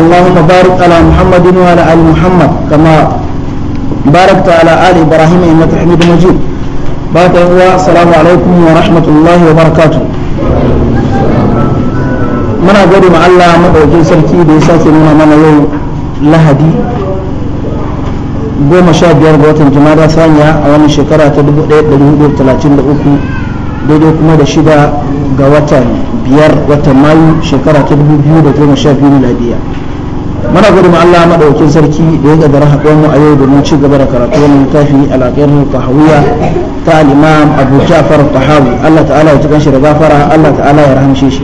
اللهم بارك على محمد وعلى ال محمد كما باركت على ال ابراهيم انك حميد مجيد بارك الله السلام عليكم ورحمه الله وبركاته muna gode ma Allah madaukin sarki da ya sake nuna mana yau lahadi goma sha biyar ga watan jumada saniya a wani shekara ta 1433 daidai kuma da shida ga watan biyar watan mayu shekara ta 2012 miladiya muna gode ma Allah madaukakin sarki da ya gadara haɗuwar mu a yau domin ci gaba da karatu wannan littafi al-aqidatu ta al-imam Abu Ja'far Tahawi Allah ta'ala ya tukan shi da gafara Allah ta'ala ya rahamshe shi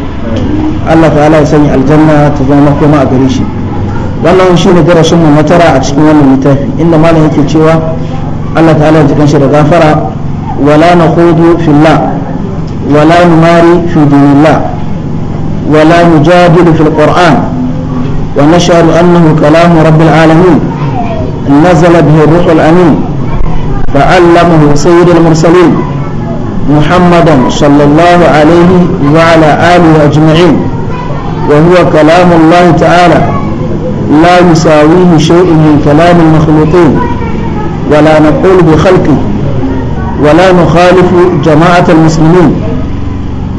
Allah ta'ala ya sanya aljanna ta zama makoma a gare shi wannan shi ne darasin mu matara a cikin wannan littafi inda malam yake cewa Allah ta'ala ya tukan shi da gafara wala nakhudu fillah wala numari fi dinillah wala nujadilu fil qur'an ونشهد أنه كلام رب العالمين نزل به الروح الأمين فعلمه سيد المرسلين محمدا صلى الله عليه وعلى آله أجمعين وهو كلام الله تعالى لا يساويه شيء من كلام المخلوقين ولا نقول بخلقه ولا نخالف جماعة المسلمين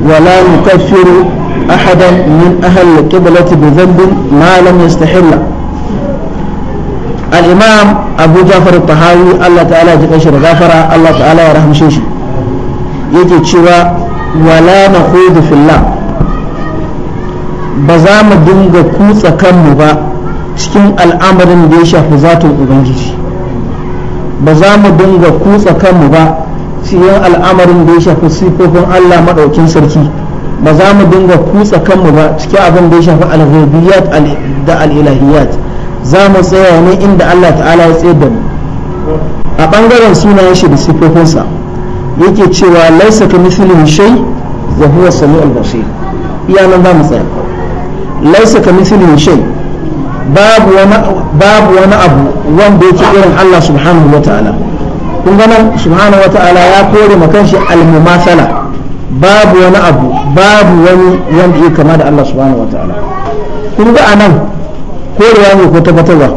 ولا نكفر أحدا من أهل القبلة بذنب ما لم يستحل الإمام أبو جعفر الطهاوي الله تعالى يتقشر غفر الله تعالى يرحم شيشي يجي تشوى ولا نخوض في الله بزام دنجا كوسا كم cikin al'amarin da ya shafi zatin ubangiji ba za mu dinga kutsa kanmu ba cikin al'amarin da ya shafi sifofin allah maɗaukin sarki ba za mu dinga kutsa kanmu ba cikin abin da ya shafi al da al za mu tsaya ne inda Allah ta'ala ya tsaye da mu a bangaren sunayen shi da sifofinsa yake cewa laisa ka mithlihi shay wa huwa samiul basir iya nan za mu tsaya laisa ka mithlihi shay babu wani babu wani abu wanda yake irin Allah subhanahu wa ta'ala kun ga nan subhanahu wa ta'ala ya kore makan shi al-mumathala babu wani abu babu wani wanda ya kama da Allah subhanahu wa ta'ala kun ga anan korewa ne ko tabbatarwa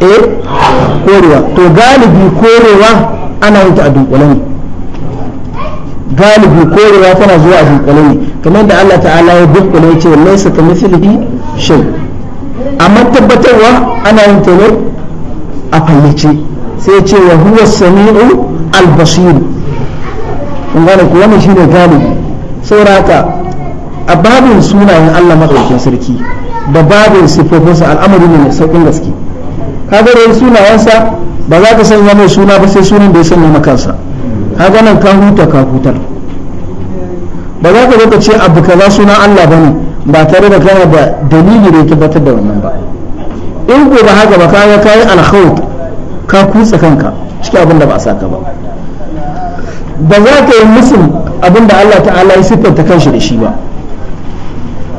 eh korewa to galibi korewa ana yin ta a dunkule ne galibi korewa tana zuwa a dunkule ne kamar da Allah ta'ala ya dunkule ya ce laisa ka mithlihi shay amma tabbatarwa ana yin ta ne a fayyace sai ce wa huwa samiu al basiru. in gane ku wannan shine galibi saboda a babin sunayen Allah maɗaukin sarki da babin sifofinsa al'amari ne saukin gaske kaga da sunayensa ba za ka sanya mai suna ba sai sunan da ya sanya maka kansa kaga ka huta ka hutar ba za ka zo ce abu kaza sunan Allah ba ne ba tare da kana da dalili da ya tabbatar da wannan ba in ko ba haka ba ka yi alkhawt ka kutsa kanka cikin abin da ba a saka ba ba za ka yi musu abin da Allah ta'ala ya siffanta kanshi da shi ba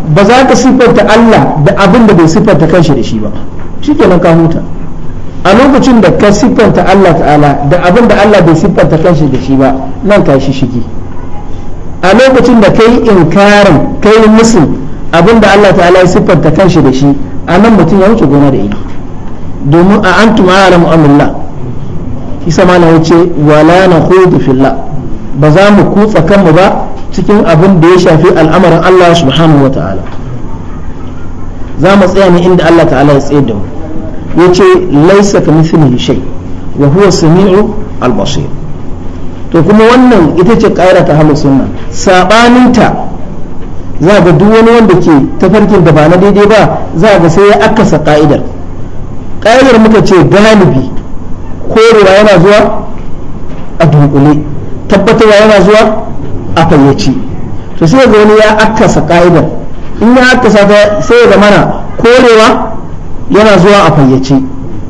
ba za ka siffanta Allah da abin da bai siffanta kanshi da shi ba shi kenan ka huta a lokacin da ka siffanta Allah ta'ala da abin da Allah bai siffanta kanshi da shi ba nan ka shi shige. a lokacin da ka kai inkarin yi musun abin da Allah ta'ala ya siffanta kanshi da shi a nan mutum ya wuce gona da ido domin a antum a'lamu amillah isa malam ya ce wala na hudu filla ba za mu kutsa kanmu ba cikin abin da ya shafi al'amarin Allah subhanahu wa ta'ala za mu tsaya ne inda Allah ta'ala ya tsaye da mu ya ce laisa ka mithlihi shay wa huwa samiu al-basir to kuma wannan ita ce ƙaira ta halin sunna sabaninta za ga duk wani wanda ke tafarkin da ba na daidai ba za ga sai ya akasa ka'idar ka'idar muka ce galibi korewa yana zuwa a dunkule tabbatarwa yana zuwa a fayyaci, to sai ga wani ya akasa ka'idar in ya akasa ta sai ga mana korewa yana zuwa a fayyaci,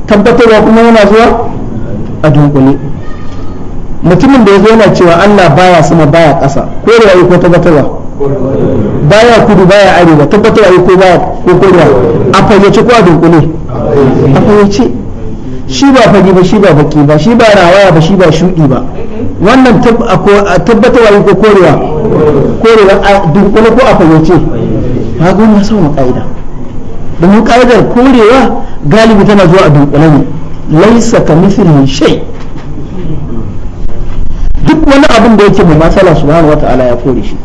tabbatarwa kuma yana zuwa a dunkule mutumin da ya zo yana cewa Allah baya sama baya ƙasa korewa yi ko tabbatarwa baya kudu baya arewa tabbatarwa yi ko baya ko korewa a fayyaci ko a dunkule a fayyaci. shi ba fage ba shi ba baki ba shi ba rawaya ba shi ba shudi ba wannan tabbatarwa ko korewa korewa a dunkule ko a fayyace ba gona sau mu ka'ida domin ka'idar korewa galibi tana zuwa a dunkule ne laisa ka mithlihi shay duk wani abin da yake mu masala subhanahu wata'ala ya kore shi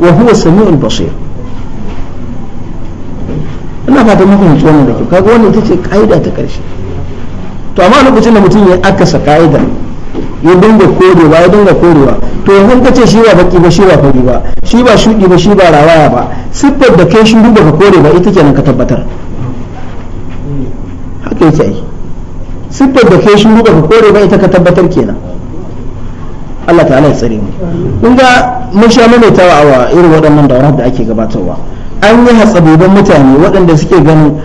wa huwa sami'ul basir ina fata muku mutuwa da kyau kaga wannan ita ce ka'ida ta karshe to amma lokacin da mutum ya akasa ka'ida ya dinga korewa ya dinga korewa to yanzu ka ce shi ba baki ba shi ba fari ba shi ba shudi ba shi ba rawaya ba siffar da kai shi duk ka kore ba ita kenan ka tabbatar haka yake yi siffar da kai shi duk ka kore ba ita ka tabbatar kenan Allah ta'ala ya tsare mu kun ga mun sha mai a irin waɗannan daurar da ake gabatarwa an yi hatsabiban mutane waɗanda suke ganin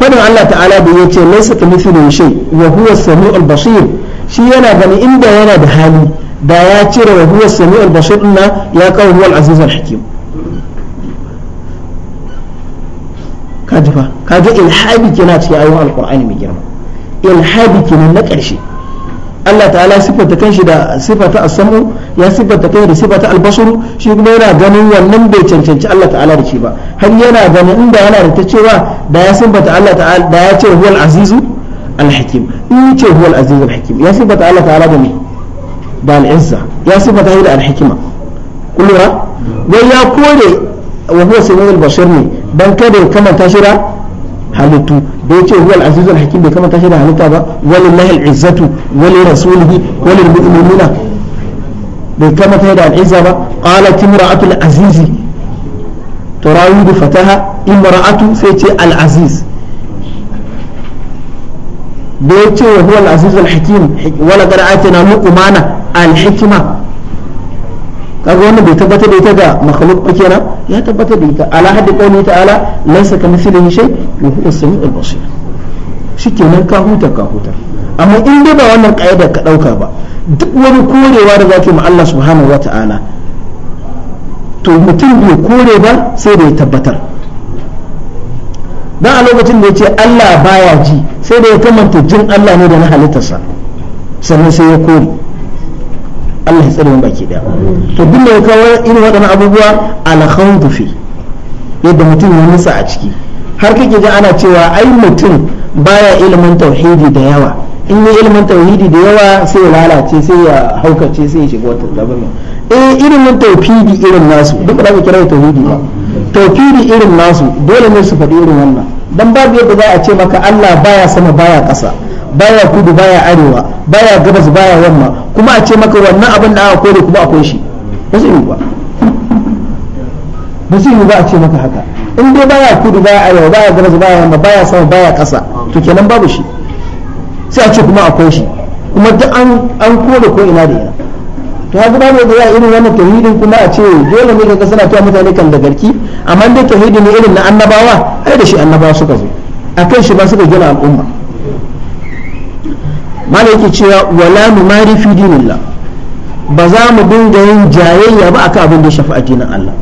fadin Allah ta'ala da ya ce laisa ka mithlu shay wa huwa samiul basir shi yana gani inda yana da hali da ya cire wa huwa samiul basir ya kawo huwa al-aziz al-hakim kaji fa kaji ilhadi kenan cikin ayoyin alkur'ani mai girma ilhadi kenan na ƙarshe Allah ta'ala ya siffanta kanshi da sifata as-sam'u ya siffanta kai da siffata al shi kuma yana ganin wannan bai cancanci Allah ta'ala da shi ba har yana ganin inda yana da ta cewa da ya siffanta Allah ta'ala da ya ce huwal azizu al-hakim in ce huwal azizu al-hakim ya siffanta Allah ta'ala da me da al-izza ya siffanta shi da al-hikima kullura wai ya kore wa huwa samiul basir ne dan kada ya kamanta shi da halittu da yace huwal azizul hakim bai kamata shi da halitta ba walillahi al'izzatu walil rasulihi walil mu'minina bai kamata shi da al'izza ba qalat imra'atul aziz turawidu fataha imra'atu sai ce al'aziz da yace huwal azizul hakim wala qad atina luqmana al hikma kaga wannan bai tabbatar da ita da makhluq kenan ya tabbata da ita ala haddi qawli ta'ala laysa kamithlihi shay wa huwa as-sami'ul basir shikenan ka huta ka huta amma in dai ba wannan ƙa'ida ka ɗauka ba duk wani korewa da yi ma Allah subhanahu ta'ala to mutum bai kore ba sai da ya tabbatar dan a lokacin da ya ce Allah baya ji sai da ya kamanta jin Allah ne da na halittarsa sannan sai ya kore Allah ya tsare mu baki daya to duk da kawo irin waɗannan abubuwa alkhawdu fi yadda mutum ya nutsa a ciki har kake ji ana cewa ai mutum baya ilimin tauhidi da yawa in yi ilimin tauhidi da yawa sai ya lalace sai ya haukace sai ya shiga wata dabami eh ilimin tauhidi irin nasu duk da ba kira tauhidi ba tauhidi irin nasu dole ne su faɗi irin wannan dan babu yadda za a ce maka Allah baya sama baya ƙasa baya kudu baya arewa baya gabas baya yamma kuma a ce maka wannan abin da aka kore kuma akwai shi ba zai yi ba ba zai yi ba a ce maka haka in dai baya kudu baya arewa baya gabas baya yamma baya sama baya kasa to kenan babu shi sai a ce kuma akwai shi kuma duk an an kore ko ina da ina to haka ba ne da ya irin wannan tauhidin kuma a ce dole ne ka suna tuwa mutane kan da garki amma dai tauhidin ne irin na annabawa ai da shi annabawa suka zo akan shi ba suka gina al'umma mana yake cewa wala mu mari fi dinillah ba za mu dinga yin jayayya ba akan abin da shafi addinin Allah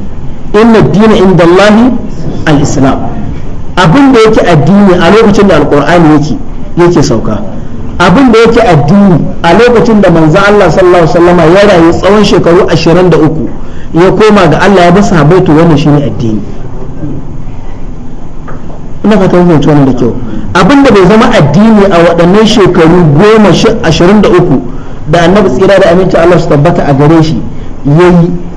inna dina inda Allahi al-islam abin da yake addini a lokacin da alqur'ani yake yake sauka abin da yake addini a lokacin da manzo Allah sallallahu alaihi wasallama ya rayu tsawon shekaru 23 ya koma ga Allah ya ba sahabbai to wannan shine addini ina fatan fahimci da kyau abin da bai zama addini a waɗannan shekaru goma ashirin da uku da annabi tsira da aminci Allah su tabbata a gare shi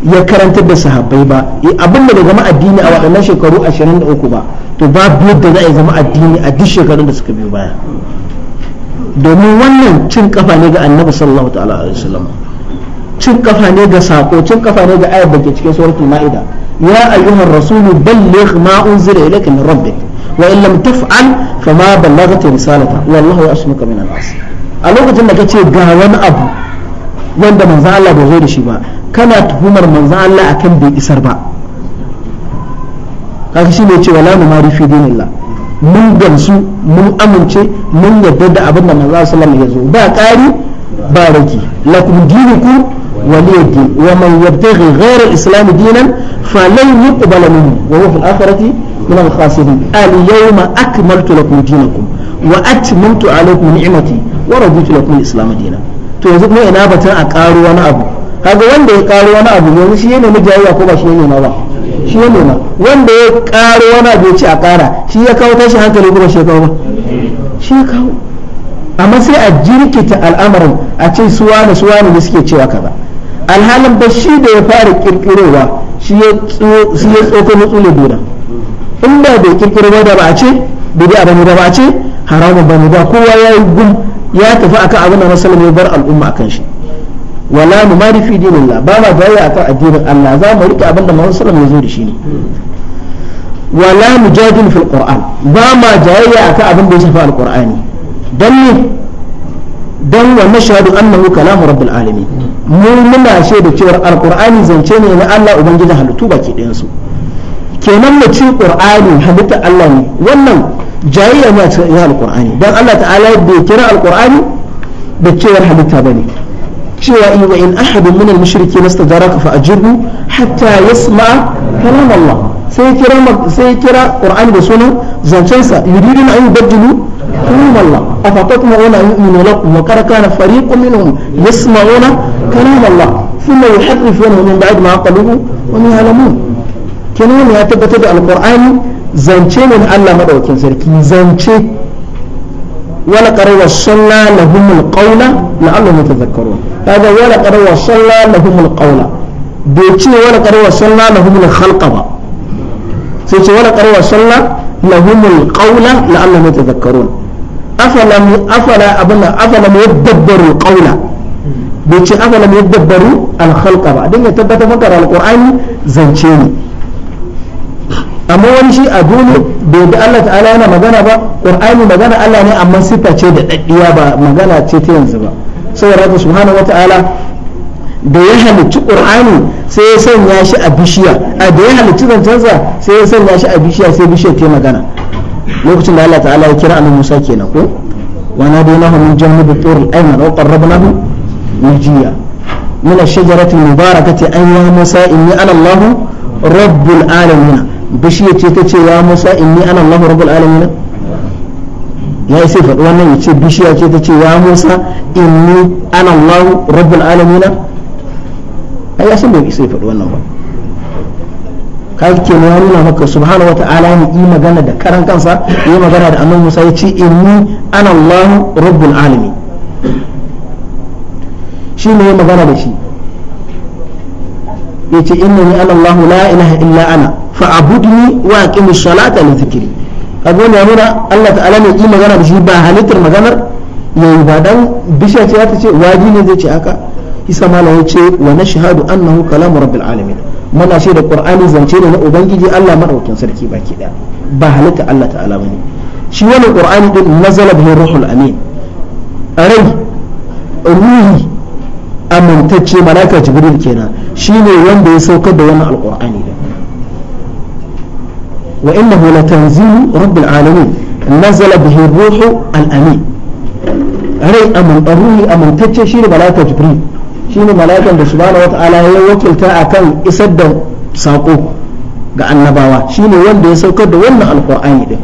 ya karantar da sahabbai ba e, abin da bai zama addini a waɗannan shekaru ashirin da uku ba to ba babu yadda za a zama addini a duk shekarun da suka biyo baya domin wannan cin kafa ne ga annabi sallallahu ta'ala alaihi cin kafa ne ga sako cin kafa ne ga ayar da ke cikin suratul ma'ida يا أيها الرسول بلغ ما أنزل إليك من ربك وإن لم تفعل فما بلغت رسالته والله يعصمك من الناس a lokacin da kace ga wani abu wanda manzo Allah bai zo da shi ba kana tuhumar manzo Allah akan bai isar ba kaga shi ne ce wala mu mari fi dinillah mun gamsu mun amince mun yarda da abin da manzo sallallahu alaihi wasallam ya zo ba ƙari ba raki lakum dinukum ولي الدين ومن يبتغي غير الإسلام دينا فلن يقبل منه وهو في الآخرة من الخاسرين اليوم أكملت لكم دينكم وأتممت عليكم نعمتي ورضيت لكم الإسلام دينا to yanzu kuma ina batun a karo wani abu kaga wanda ya karo wani abu yanzu shi ne mijayayya ko ba shi ne ba shi ne ma wanda ya karo wani abu ya ce a kara shi ya kawo tashi hankali kuma shi ya kawo ba shi ya kawo amma sai a jirkita al'amarin a ce suwa da suwa ne suke cewa kaza alhalin ba shi da ya fara kirkirowa shi ya tsokano tsule duna in ba da kirkiro da ba a ce bid'a ba ne da ba a ce haramun ba ba kowa ya yi gum ya tafi akan abin da musulmi ya bar al'umma akan shi wala mu ma fi dinillah ba ma jayya akan addinin Allah za mu rike abin da musulmi ya zo da shi ne wala mujadil fil qur'an ba ma jayayya akan abin da ya shafi alqur'ani dan ne dan wa nashhadu annahu kalamu rabbil alamin mu muna shaida cewar alkur'ani zance ne na Allah ubangijin halittu baki ɗayan su kenan mu ci qur'ani halitta Allah ne wannan jayayya ne a cikin alkur'ani dan Allah ta'ala bai kira alkur'ani da cewar halitta bane cewa in wa in ahadun min al-mushrikeena istajaraka fa ajirhu hatta yasma kalam Allah sai kira sai kira qur'ani da sunan zancensa yuridun an yubaddilu kalam Allah أفتطمعون أن يؤمنوا لكم وكان كان فريق منهم يسمعون كلام الله ثم يحرفونه من بعد ما عقلوه وهم يعلمون كنون يا تبتدأ القرآن زنشي من الله مدعوكين سركي زنشي قروا الصلاة لهم القول لعلهم يتذكرون هذا ولا قروا الصلاة لهم القول بيتشي قروا الصلاة لهم الخلق با ولا قروا الصلاة لهم القول لعلهم يتذكرون afalam afala abuna afalam dabbaru qawla bai ce afalam ya dabbaru khalqa ba dan ya tabbatar maka da alqur'ani zance ne amma wani shi a dole bai da Allah ta'ala yana magana ba qur'ani magana Allah ne amma sifa ce da daddiya ba magana ce ta yanzu ba saboda haka subhanahu wata'ala da ya halicci qur'ani sai ya sanya shi a bishiya a da ya halicci sa sai ya sanya shi a bishiya sai bishiyar ta magana lokacin da Allah ta'ala ya kira annabi Musa kenan ko wa nadaynahu min janibi tur al-ayman wa qarrabnahu najiya min ash-shajarati al-mubarakati an ya Musa inni ana Allah rabbul alamin bishiyar ce ta ce ya Musa inni ana Allah rabbul alamin ya sai faɗi wannan ya ce bishiya ce ta ce ya Musa inni ana Allah rabbul alamina ai ya san bai sai faɗi wannan ba kake ne ya nuna maka subhanahu ta'ala ne yi magana da karan kansa yi magana da annabi Musa ya ce inni ana Allah rabbul alamin shi ne ya magana da shi ya ce ni ana Allah la ilaha illa ana abudni wa aqimi salata li zikri kaga ne nuna Allah ta'ala ne yi magana da shi ba halittar maganar yayi ba dan bisha ce ta ce wajibi ne zai ce haka isa malam ya ce wa nashhadu annahu kalamu rabbil alamin muna shi da qur'ani zance da na ubangiji Allah madaukakin sarki baki daya ba halitta Allah ta'ala bane shi wani qur'ani din nazala bihi ruhul amin rai ruhi amintacce malaka jibril kenan shine wanda ya saukar da wannan alqur'ani din wa innahu latanzilu rabbil alamin nazala bihi ruhul amin rai amintacce shine malaka jibril shine mala'ikan da subhanahu wata'ala ya wakilta akan isar da sako ga annabawa shine wanda ya saukar da wannan alqur'ani din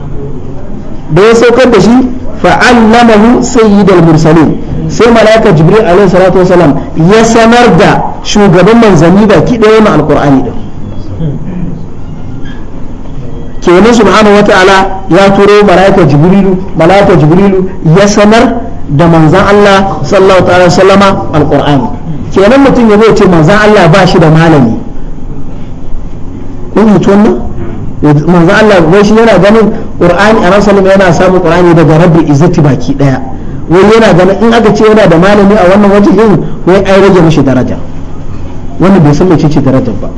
da ya saukar da shi fa'allamahu sayyidal mursalin sai mala'ika jibril alaihi salatu wasalam ya sanar da shugaban manzanni baki ɗaya wannan alqur'ani din kenan subhanahu wata'ala ya turo mala'ika jibrilu mala'ika jibrilu ya sanar da manzan Allah sallallahu alaihi wasallama alqur'ani kenan mutum ya zai ce manzan Allah ba shi da malami kun hito wannan manzan Allah shi yana ganin qur'ani a rasulun yana samun qur'ani daga rabbi izzati baki daya wai yana ganin in aka ce yana da malami a wannan waje yin wai ai rage mishi daraja wannan bai san mece ce daraja ba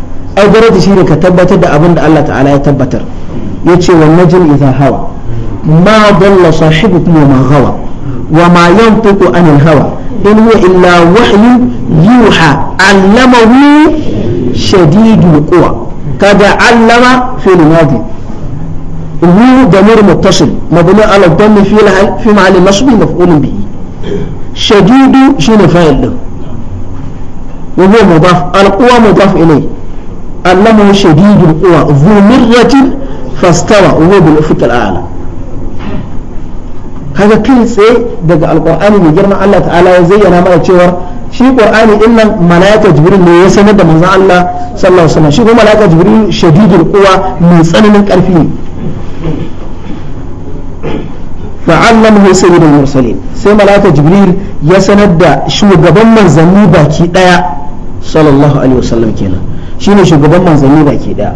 ai daraja ne ka tabbatar da abin da Allah ta'ala ya tabbatar yace wan jin idha hawa ma dalla sahibukum kuma ma hawa. wa ma yantiqu anil hawa إن هو إلا وحي يوحى علمه شديد القوى كذا علم في الماضي وهو ضمير متصل مبني على الضم في في معنى نصب مفعول به شديد شنو فاعل وهو مضاف القوى مضاف إليه علمه شديد القوى ذو مرة فاستوى وهو بالأفق الأعلى kaga kai tsaye daga alqur'ani mai girma Allah ta'ala ya zayyana mana cewa shi qur'ani din nan malaika jibril ne ya sanar da manzon Allah sallallahu alaihi wasallam shi kuma malaika jibril shadidul quwa mai tsananin karfi ne fa'allamahu sayyidul mursalin sai malaika jibril ya sanar da shugaban manzanni baki daya sallallahu alaihi wasallam kenan shine shugaban manzanni baki daya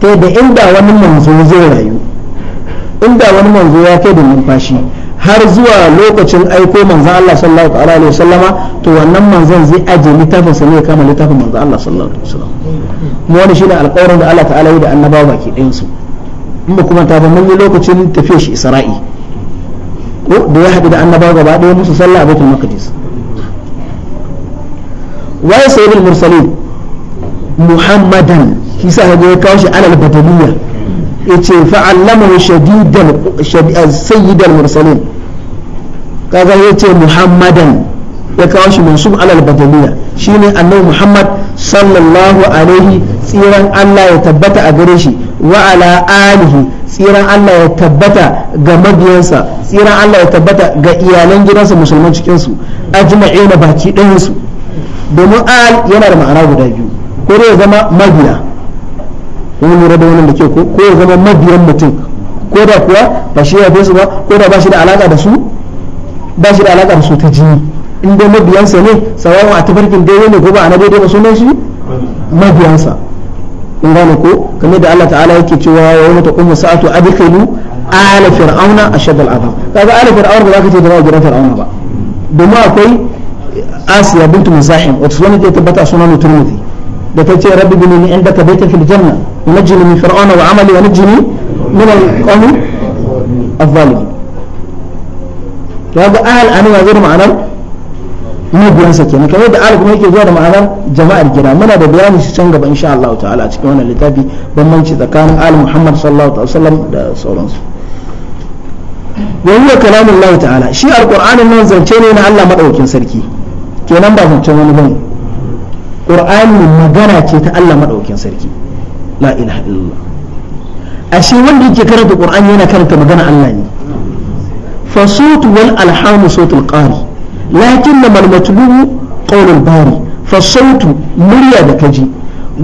ta yadda inda wani manzo zai rayu inda wani manzo ya kai da numfashi har zuwa lokacin aiko manzan Allah sallallahu alaihi wasallama to wannan manzan zai aje littafin sa ne ya kama littafin manzan Allah sallallahu alaihi wasallam mu wani shine alƙawarin da Allah ta'ala yi da annabawa baki ɗayan su in ba kuma ta mun yi lokacin tafiyar shi Isra'i ko da ya haɗu da annabawa gaba ɗaya musu sallah a baitul maqdis wa sayyidul mursalin muhammadan kisa ga ya kawo shi alal badaniya yace fa'allamahu shadidan eh, sayyidal mursalin kaga yace muhammadan ya kawo shi mansub alal badaliya shine annabi muhammad sallallahu alaihi tsiran Allah ya tabbata a gare shi wa ala alihi tsiran Allah ya tabbata ga mabiyansa tsiran Allah ya tabbata ga iyalan gidansa musulman cikin su ajma'ina baki ɗayan su domin al yana da ma'ana guda biyu ko dai ya zama mabiya kuma lura da wannan da ke ko ko ya zama mabiyan mutum ko da kuwa ba shi ya su ba ko da ba shi da alaka da su ba shi da alaka da su ta jini in dai mabiyansa ne sawawan a tafarkin daidai ne ko ba a na daidai ba sunan shi mabiyansa in gane ko kamar da Allah ta'ala yake cewa wa yawma taqumu sa'atu adkhilu ala fir'auna ashad al'adab kaga ala fir'auna ba za ka ce da ba gidan fir'auna ba domin akwai asiya bintu musahim wata sunan da ya tabbata sunan turmudi da ta ce rabbi bin min indaka baitan fil janna najini min fir'auna wa amali wa najini min al-qawmi adh-dhalimin kaga ahal anan ya zo da ma'anar muguwan sa kenan kamar da ahal kuma yake zuwa da ma'anar jama'ar gida muna da bayani shi can gaba insha Allah ta'ala a cikin wannan littafi bambanci tsakanin ahal Muhammad sallallahu alaihi wasallam da sauransu wa kalamin kalamullah ta'ala shi alqur'anin nan zance ne na Allah madaukakin sarki kenan ba zancen wani bane ƙur'ani magana ce ta Allah madaukakin sarki la ilaha illallah ashe wanda yake karanta qur'ani yana karanta magana Allah ne fa sawtu wal alhamu sawtul qari lakin mal matlubu qawlul bari fa sawtu murya da kaji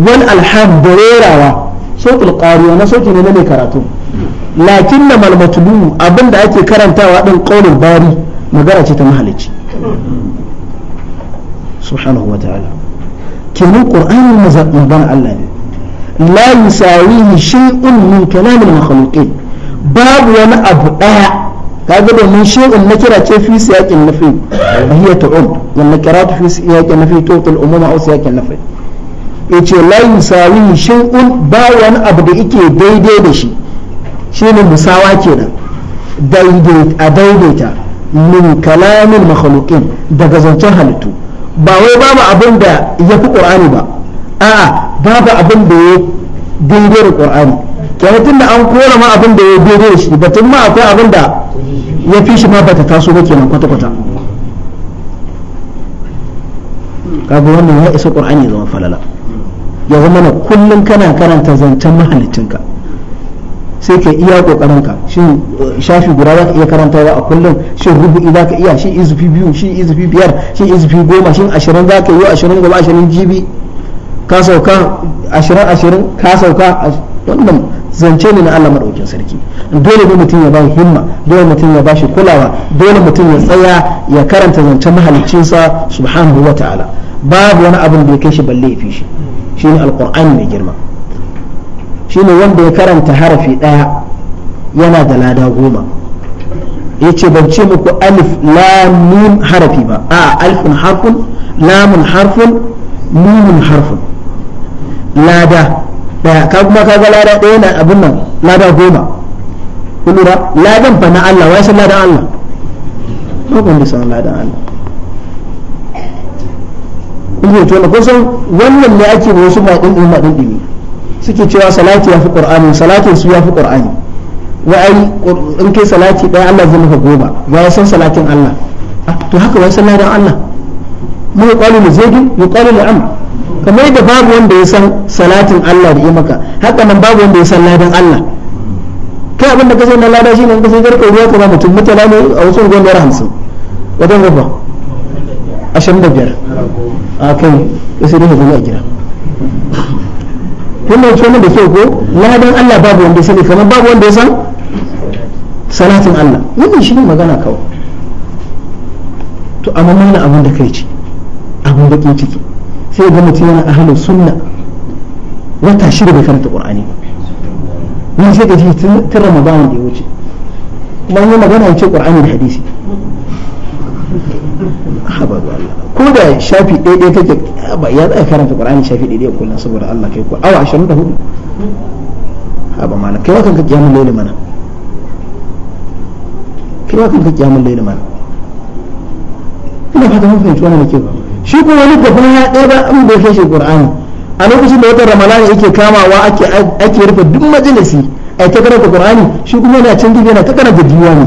wal alham da rerawa sawtul qari wannan sauti ne na mai karatu lakin mal matlubu abinda ake karantawa din qawlul bari magana ce ta mahalicci subhanahu wa ta'ala kenan qur'ani mazan Allah ne la yusawihi shay'un min kalamil makhluqin babu wani abu daya kaga domin shay'un kira ce fi siyaqin nafi hiya ta'um wal nakiratu fi siyaqin nafi tuqil umuma aw siyaqin nafi yace la yusawihi shay'un ba wani abu da yake daidai da shi shine musawa kenan daidai a daidaita min kalamin makhluqin daga zancen halittu ba wai babu abin da ya fi ƙur'ani ba a'a babu abin da ya daidai da qur'ani tun da an kora ma abin da ya daidai da shi batun ma akwai abin da ya fi shi ma bata taso ba kenan kwata kwata kaga wannan ya isa qur'ani zama falala ya zama na kullum kana karanta zancen mahalicinka sai ka iya kokarin ka shin eh, shafi guda za ka iya ba a kullum shin rubu za ka iya shi izufi biyu shi izufi biyar shi izufi goma shin ashirin za ka yi wa ashirin gaba ashirin jibi ka sauka ashirin ashirin ka sauka wannan zance ne na Allah maɗaukin sarki dole ne mutum ya bashi himma dole mutum ya bashi kulawa dole mutum ya tsaya ya karanta zancen mahaliccinsa subhanahu wa ta'ala babu wani abin da ya kai shi balle ya fi shi ne alqur'ani mai girma shine wanda ya karanta harafi ɗaya yana da lada goma ya ce ban ce muku alif lamun harafi ba a alifin harfin lamun harfin mumun harfin lada ɗaya ka kuma kaga lada ɗaya na abin nan lada goma kulura ladan fa na Allah wai san ladan Allah ba kun san ladan Allah kun yi tona kusan wannan ne ake wasu maɗin ɗin maɗin ɗin suke cewa salati ya fi qur'ani salatin su ya fi ƙur'ani wa ai in kai salati ɗaya Allah zai maka goma wa ya san salatin Allah ah, to haka wai sallah dan Allah mu qalu li ya yuqalu li am kamar yadda babu wanda ya san salatin Allah da ya maka haka nan babu wanda ya san ladan Allah kai abin da ka sai na lada shine in ka sai garka ruwa ka ba mutum mutala ne a wasu ruwan da hamsin wajen gaba ashirin da biyar a kai ya sai dai ka a gida kun da ce da kyau ko ladan Allah babu wanda sani kamar babu wanda ya san salatin Allah wannan shi ne magana kawai to amma mana abin da kai ci abin da ke ciki sai ga mutum yana ahlus sunna wata shida bai karanta qur'ani ba ni sai ka ji tun ramadan da ya wuce kuma magana ya ce qur'ani da hadisi haba ga Allah ko da shafi ɗaya kake ba ya tsaya karanta Qur'ani shafi ɗaya kullum saboda Allah kai ko awa 24 haba mana kai wa kanka kiyamul layl mana kai wa kanka kiyamul layl mana ina fata mun fahimci wannan da kyau shi ko wani gaba ya ɗaya ba in bai kashe Qur'ani a lokacin da watan Ramadan yake kamawa ake ake rufe duk majalisi ai ta karanta Qur'ani shi kuma yana can gefe yana ta karanta diwani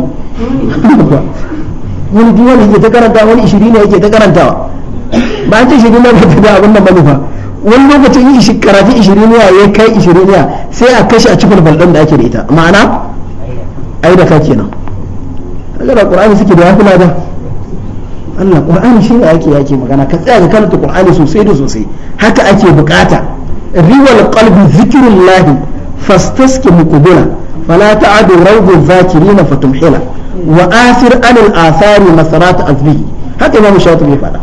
wani duk wani yake ta karanta wani ishirin ne yake ta karantawa ba an ce ishirin ne ba ta da abin nan ba nufa wani lokacin yi karatu ishirin ya ya kai ishirin ya sai a kashe a cikin balɗon da ake da ita ma'ana ai da ka kenan kaga da qur'ani suke da yafi lada Allah qur'ani shine ake yake magana ka tsaya ka karanta qur'ani sosai da sosai haka ake bukata riwal qalbi zikrullah fastaskim qubula fala ta'adu rawdu dhakirina fatumhila wa asir anil asari masarat azbi haka imam shatibi ya faɗa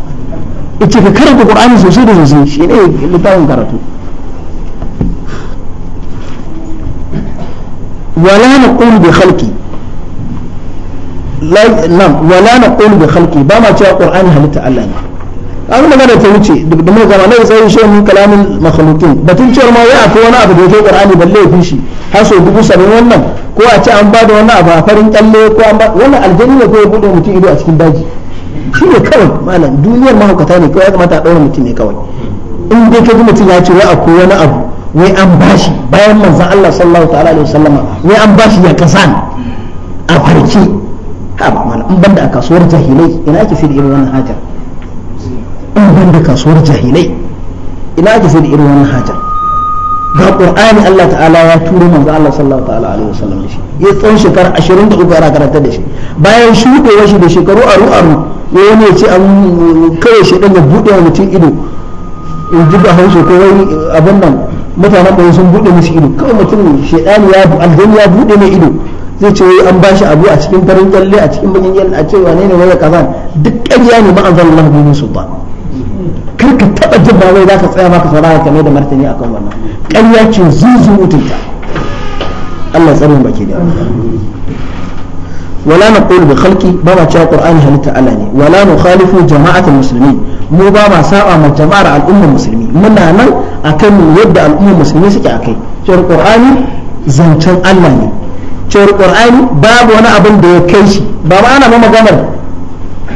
ita ka karanta qur'ani sosai da sosai shine littafin karatu wala naqulu bi khalqi la nam wala naqulu bi khalqi ba ma cewa qur'ani halitta Allah ne an magana ta wuce duk da mai zamanai tsayin shi min kalamin makhluqin batun cewar ma ya afi wani abu da yake qur'ani balle ya fi shi har sau dubu saba'in wannan ko a ce an bada wani abu a farin kyalle ko an ba wannan aljanni ne ko ya bude mutum ido a cikin daji shi ne kawai malam duniyar mahaukata ne kawai ya kamata a ɗaura mutum ne kawai in dai kaji mutum ya ce wai akwai wani abu wai an bashi bayan manzon Allah sallallahu ta'ala alaihi wasallama wai an bashi ya kasa kasan a farke ha ba malam in banda a kasuwar jahilai ina ake sai da irin wannan hajar in da kasuwar jahilai ina ake sai da irin wannan hajar ga qur'ani Allah ta'ala ya turo manzo Allah sallallahu ta'ala alaihi wasallam shi ya tsawon shekara 23 ana karanta da shi bayan shuɗewa shi da shekaru aru aru wani ya ce an kawai shi dan ya bude wa mutum ido in ji ba hausa ko wani abin nan mutanen bai sun buɗe musu ido kawai mutum shedani ya aljani ya buɗe mai ido zai ce wai an bashi abu a cikin farin kyalle a cikin bakin kyalle a ce wane ne wai kaza duk ƙarya ne ba an zalla Allah bi ba kar ka taba jin ba wai za ka tsaya maka kamar da martani akan wannan ƙarya ce zuzu mutunta Allah tsarin baki da wala na qulu bi khalqi ba ma cewa qur'ani halitta Allah ne wala nukhalifu jama'atul muslimin mu ba ma saba ma jama'ar al'ummar musulmi muna nan akan yadda al'ummar musulmi suke akai cewar qur'ani zancen Allah ne cewar babu wani abin da ya kai shi ba ma ana ma maganar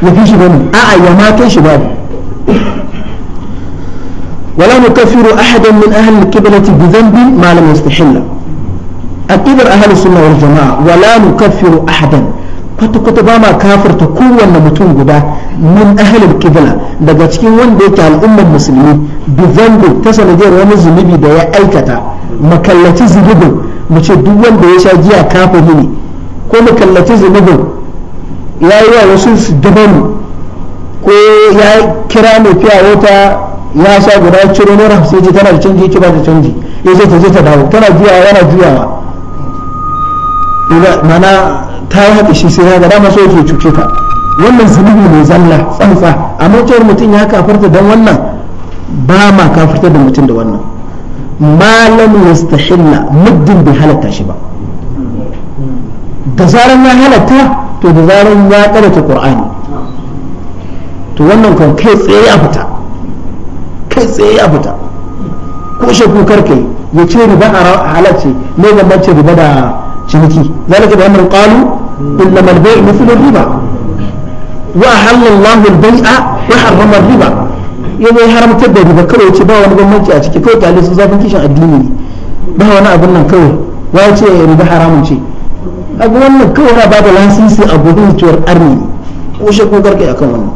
ya fi shi bane a'a ya ma kai shi babu ولا نكفر أحدا من أهل الكبلة بذنب ما لم يستحله أكبر أهل السنة والجماعة ولا نكفر أحدا kwata kwata ba ma kafarta kowanne mutum guda min ahalin kibla daga cikin wanda yake al'ummar musulmi bi zango ta sanadiyar wani zunubi da ya aikata makallaci zunubin mu ce duk wanda ya sha jiya kafiri ne ko makallaci zunubin ya yi wa wasu dabaru ko ya kira mai fiya wata ya sa guda ciro naira sai ce tana da canji ki ba ta canji ya ce ta je ta dawo tana juyawa yana juyawa mana ta yi haka shi sai ya ga dama so yake cuce ka wannan zunubi ne zalla tsantsa a cewar mutum ya kafarta don wannan ba ma kafarta da mutum da wannan malam yastahilla muddin bai halatta shi ba da zaran ya halatta to da zaran ya karanta qur'ani to wannan kan kai tsaye a fita kai tsaye a fita ko shakku karka ya ce riba a halarci ne ga mace riba da ciniki zalika da amr qalu innamal bay'u mithlu riba wa halallahu al-bay'a wa harrama riba yayin haramta da riba kawai ce ba wani gwamnati a ciki kawai kyale su zafin kishin addini ne ba wani abin nan kawai ya ce riba haramun ce abu wannan kawai na bada lansisi a gudun tuwar arni ko shakku karka akan wannan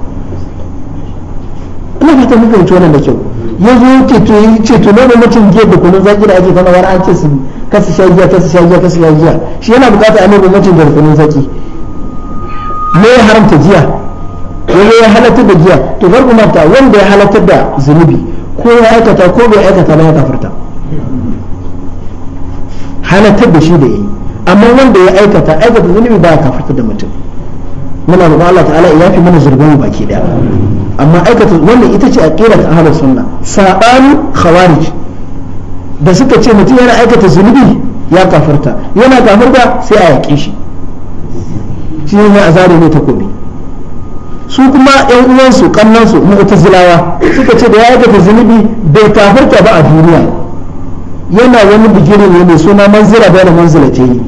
ina fata muka yi wannan da kyau ya zo ce tuno da mutum ke da kunun zaki da ake ta wani ake su kasu sha giya kasu sha giya kasu sha giya shi yana bukata a nuna mutum da kunun zaki me ya haramta jiya wani ya halatta da jiya to bar umarta wanda ya halatta da zunubi ko ya aikata ko bai aikata ba ya kafarta halatta da shi da yi amma wanda ya aikata aikata zunubi ba ya kafarta da mutum muna da Allah ta'ala ya fi mana zurgin baki daya amma aikata wannan ita ce aqidar ahlus sunna sabani khawarij da suka ce mutum yana aikata zunubi ya kafarta yana kafarta sai a yaƙe shi shi ne a zare ne takobi su kuma yan uwansu kannansu mu'tazilawa suka ce da ya aikata zunubi bai kafarta ba a duniya yana wani bigire ne mai suna manzila bai da manzila ce yi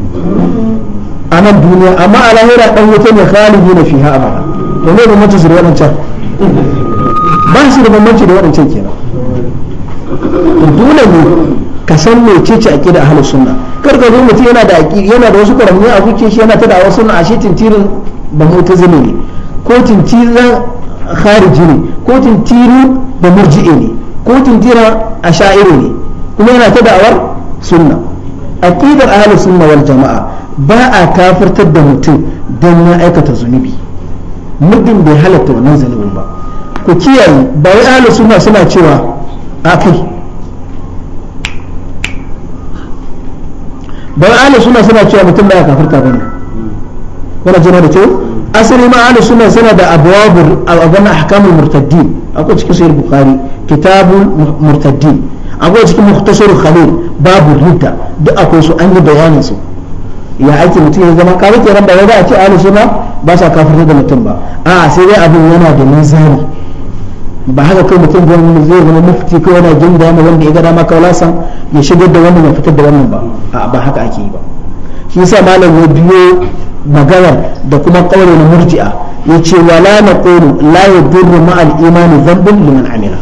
a nan duniya amma a lahira dan wuta ne khalidi na fiha abada to ne da mutu zurwanin can ba shi da bambanci da waɗancan kenan dole ne ka san mai ce a ahlus sunna kar ka zo mutum yana da aqida yana da wasu karamin a kuke shi yana ta da'awar sunna shi tintirin ba mu'tazili ne ko tintirin khariji ne ko tintirin ba murji'i ne ko tintirin asha'iri ne kuma yana ta da'awar sunna aqidar ahlus sunna wal jama'a ba a kafirtar da mutum don ya aikata zunubi muddin bai halatta wannan zunubin ba ku kiyaye ba wai ahlus sunna suna cewa a kai ba wai ahlus sunna suna cewa mutum baya kafirta bane wannan jira da ce? asiri ma ahlus sunna suna da abwabur abana ahkamul murtaddin akwai cikin sahih bukhari kitabul murtaddin akwai cikin mukhtasar khalil babu ridda duk akwai su an yi bayanin su ya aiki mutum ya zama kawo kenan ba wai a ce ahlus sunna ba sa kafirta da mutum ba a sai dai abin yana da mizani ba haka kai mutum zai zama mufti ko yana jin dama wanda ya ga dama wala san ya shigar da wannan ya fitar da wannan ba a ba haka ake yi ba shi yasa malam ya biyo maganar da kuma kawai na murji'a ya ce wala naqulu la yadurru ma al imani dhanbun liman amina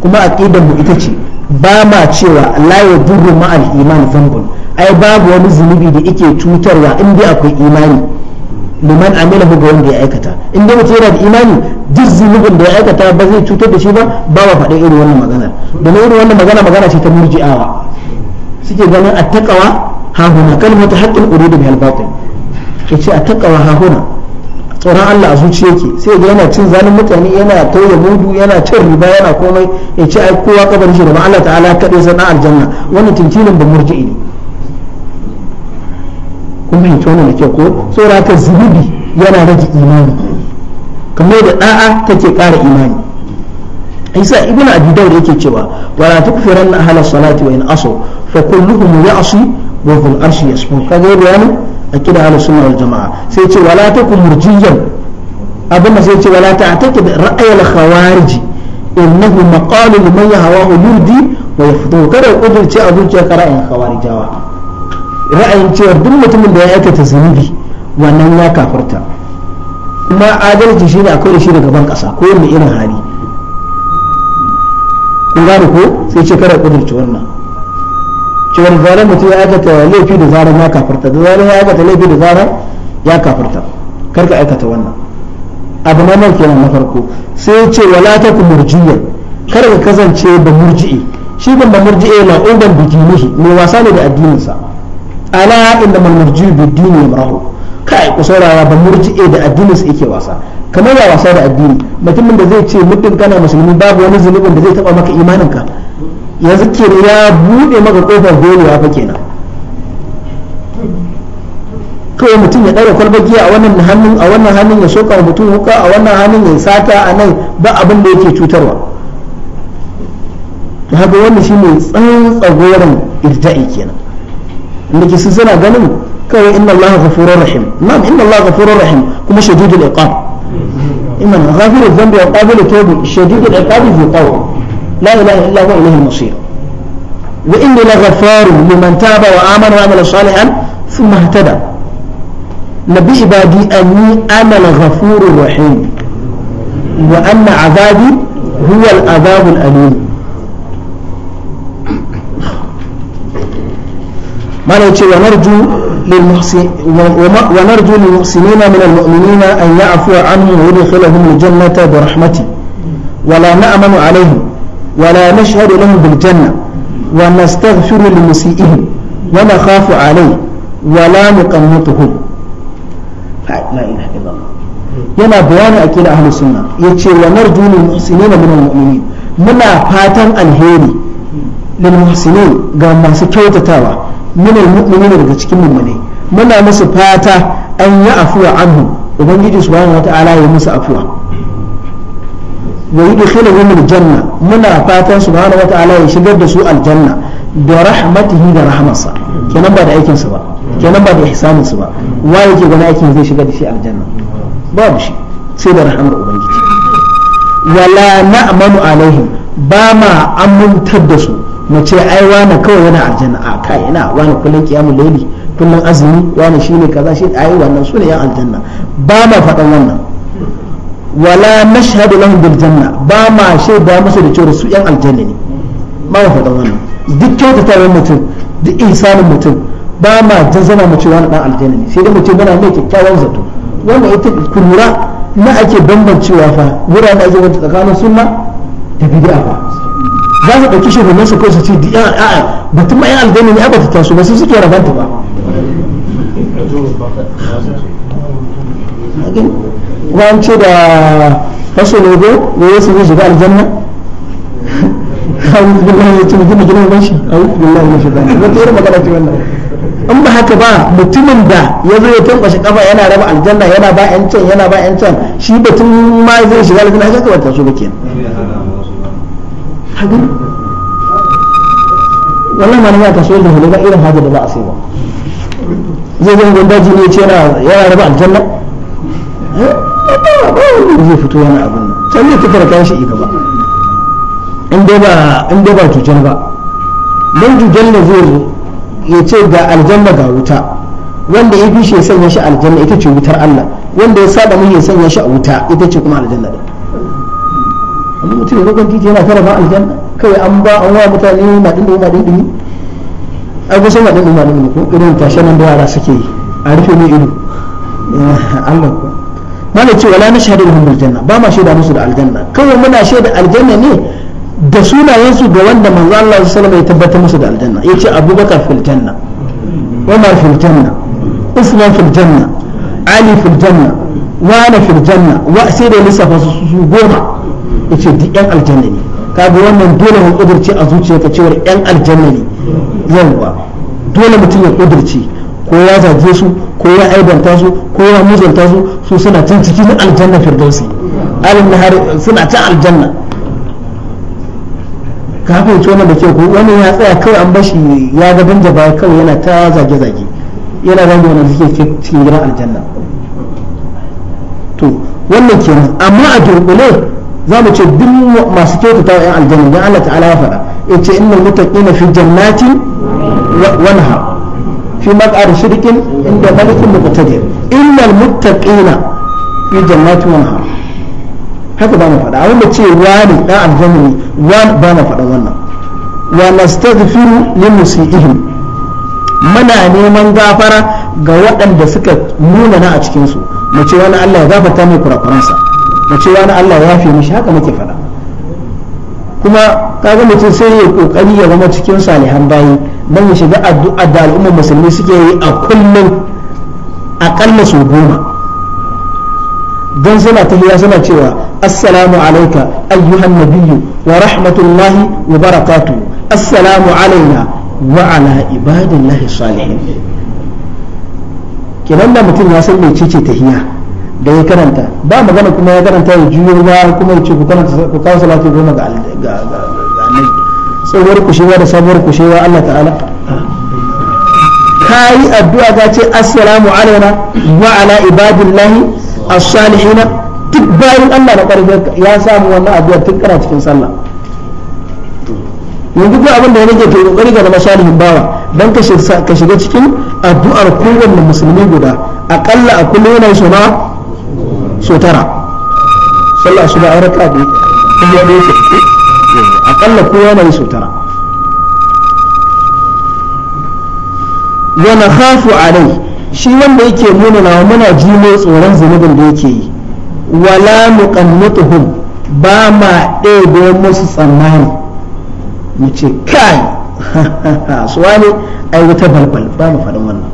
kuma aqidan mu ita ce ba ma cewa laye ya duru ma'al iman zambul ai babu wani zunubi da yake cutarwa in dai akwai imani liman amila ga wanda ya aikata in dai mutum yana da imani duk zunubin da ya aikata ba zai cutar da shi ba ba wa faɗa irin wannan magana domin irin wannan magana magana ce ta murji'awa suke ganin attaqawa ha huna kalmatu haqqin uridu bihal batil yace attaqawa ha huna tsoron Allah a zuci yake sai ga yana cin zalin mutane yana tauye mudu yana cin riba yana komai ya ce ai kowa kabar shi da Allah ta'ala kadai san dan aljanna wannan tintilin ba murji'i ne kun fahimci da ke ko saboda haka yana rage imani kamar da da'a take ƙara imani isa ibnu abi dawud yake cewa wala tukfiranna ahla salati wa in asu fa kulluhum ya'si wa fil arshi yasbu kaga bayanin akida ahlus sunna wal jamaa sai ce wala takum murjiyan abinda sai ce wala ta'taqid al khawarij innahu maqalu liman yahawahu yurdi wa yafdu kada kudurce a zuciyarka ra'ayin khawarijawa ra'ayin cewa duk mutumin da ya aikata zunubi wannan ya kafarta kuma adalci shine akwai da shi daga ban kasa ko wani irin hali kun gane ko sai ce kada ku kudurce wannan cewar zarar mutum ya aikata laifi da zarar ya kafarta da zarar ya aikata laifi da zarar ya kafarta kar ka aikata wannan abu na nan kenan na farko sai ya ce wala ta murjiya kar ka kasance ba murji'i shi ban ba murji'i na uban bidinihi mai wasa ne da addininsa ala inda man murji'i bidini yamrahu kai ku saurara ba murji'i da addininsa yake wasa kamar ya wasa da addini mutumin da zai ce muddin kana musulmi babu wani zunubin da zai taba maka imaninka yanzu ke ya buɗe maka kofar ya fa kenan kawai mutum ya ɗaura kwalbar giya a wannan hannun a wannan hannun ya soka mutum huka a wannan hannun ya sata a nan ba abin da yake cutarwa to haka wannan shi ne tsantsagoran irta'i kenan inda ke suna ganin kawai inna allaha ghafurur rahim na'am inna allaha ghafurur rahim kuma shadidul iqab iman ghafurur dhanbi wa qabilut tawbi shadidul iqab fi qawl لا إله إلا هو إليه المصير وإني لغفار لمن تاب وآمن وعمل صالحا ثم اهتدى نبي عبادي أني أنا الغفور الرحيم وأن عذابي هو العذاب الأليم ما نوتي ونرجو للمحسن ونرجو للمحسنين من المؤمنين أن يعفو عنهم ويدخلهم الجنة برحمتي ولا نأمن عليهم ولا نشهد لهم بالجنة ونستغفر لمسيئهم ونخاف عليه ولا نقنطهم لا إله إلا الله yana bayani a kila ahlus sunna yace wa narju lil muhsinin min al mu'minin muna fatan alheri lil ga masu kyautatawa min al daga cikin mummune muna musu fata an yi afuwa anhu ubangiji subhanahu wataala ya musu afuwa wa yi yudkhiluhum aljanna muna fatan subhanahu wataala ya shigar da su aljanna da rahmatihi da rahmansa kenan ba da aikin su ba kenan ba da ihsanin su ba wa yake gani aikin zai shigar da shi aljanna babu shi sai da rahmar ubangiji wala na'manu alaihim ba ma amintar da su mu ce ai wani kawai yana aljanna a kai ina wani kullum kiyamu layli kullum azumi wani shine kaza shi ai wannan su ne yan aljanna ba ma faɗan wannan wala nashhadu lahum bil janna ba ma musu da cewa su yan aljanna ne ba mu wannan duk mutum duk insanin mutum ba ma mu cewa aljanna ne sai dai mutum mai kyakkyawan zato wanda ita na ake bambancewa fa wuraren ake wata tsakanin sunna da bid'a ba za su ɗauki shugaban su ko su ce a'a ma yan aljanna ne a bata taso ba sai suke rabanta ba kuma an ce da wasu logo da yesu zai shiga aljanna ya ce mutum shiga wata ce in ba haka ba mutumin da ya zo ya tankwashe kafa yana raba aljanna yana ba yan can yana ba yan can shi batun ma zai shiga aljanna haka ba ta so ba wannan ma na ta so da hulula irin haka da ba a sai ba zai zai gwanda jini ya ce yana raba aljanna eh? zai fito wani abu can zai tattara kayan shi gaba in dai ba in ba jujal ba dan jujal ne zai zo ya ce ga aljanna ga wuta wanda ya fi shi ya sanya shi aljanna ita ce wutar Allah wanda ya saba mun ya sanya shi a wuta ita ce kuma aljanna da amma mutum ya rokon titi yana tara aljanna kawai an ba an wa mutane na din da yana din dini ai ba sai na din da yana din ko irin tashe nan da yara suke yi a rufe mai ido eh, Allah ko mana ce wala nashhadu lahum bil janna ba ma shaida musu da aljanna kawai muna shaida aljanna ne da sunayensu da wanda manzo Allah sallallahu alaihi wasallam ya tabbatar musu da aljanna yace Abubakar fil janna Umar fil janna Usman fil janna Ali fil janna Wani fil janna wa sai da lissafa su su goma yace duk yan aljanna ne kaga wannan dole mu kudurce a zuciyarka cewa yan aljanna ne yawa dole mutum ya kudurce ko ya zaje su ko ya aibanta su ko ya muzanta su su suna cin ciki na aljanna firdausi alin na nahar suna cin aljanna ka haka fahimci wannan da ke ku. Wannan ya tsaya kawai an bashi ya ga da baya kawai yana ta zage-zage yana zage wani suke cikin gidan aljanna to wannan kenan amma a durbule za mu ce duk masu kyautata wa 'yan aljanna don Allah ta'ala ya faɗa ya ce innal muttaqina fi jannatin wa nahar fi مقعد shirkin عند ملك مقتدر innal المتقين fi جنات ونهر nahar haka ba mu faɗa abin da ce wani dan aljanna ne wani ba mu wannan wa nastaghfiru lil musiihim muna neman gafara ga waɗanda suka nunana na a cikin su mu ce wani Allah ya gafarta mai kurakuransa mu ce wani Allah ya yafe mishi haka muke faɗa kuma kaga mutum sai ya kokari ya zama cikin salihan bayi don ya shiga addu'a da al'ummar musulmi suke yi a kullum aƙalla su goma don suna tahiya suna cewa assalamu alaika ayyuhan nabiyyu wa rahmatullahi wa barakatu assalamu alaina wa ala ibadillahi salihin kenan da mutum ya san ce tahiya da ya karanta ba magana kuma ya karanta ya juyo ba kuma ya ce ku karanta ku kawo salatu goma ga annabi tsohuwar kushewa da sabuwar kushewa Allah ta'ala ka yi addu'a ta ce assalamu alaina wa ala ibadillahi as-salihina duk bayan Allah na ƙarfi ya samu wannan addu'a tun kana cikin sallah yanzu duk abin da ya nake ke kokari ga zama salihin bawa dan ka shiga cikin addu'ar kowanne musulmi guda akalla a kullum yana so ma so tara sallah su ba ya akalla ko yana yi sau tara hafu a alai shi wanda yake munana muna jimo tsoron zunubin da yake yi wala mu muqannatuhum ba ma ɗebe musu tsammani mu ce kai suwa ne ai wata balbal ba mu faɗin wannan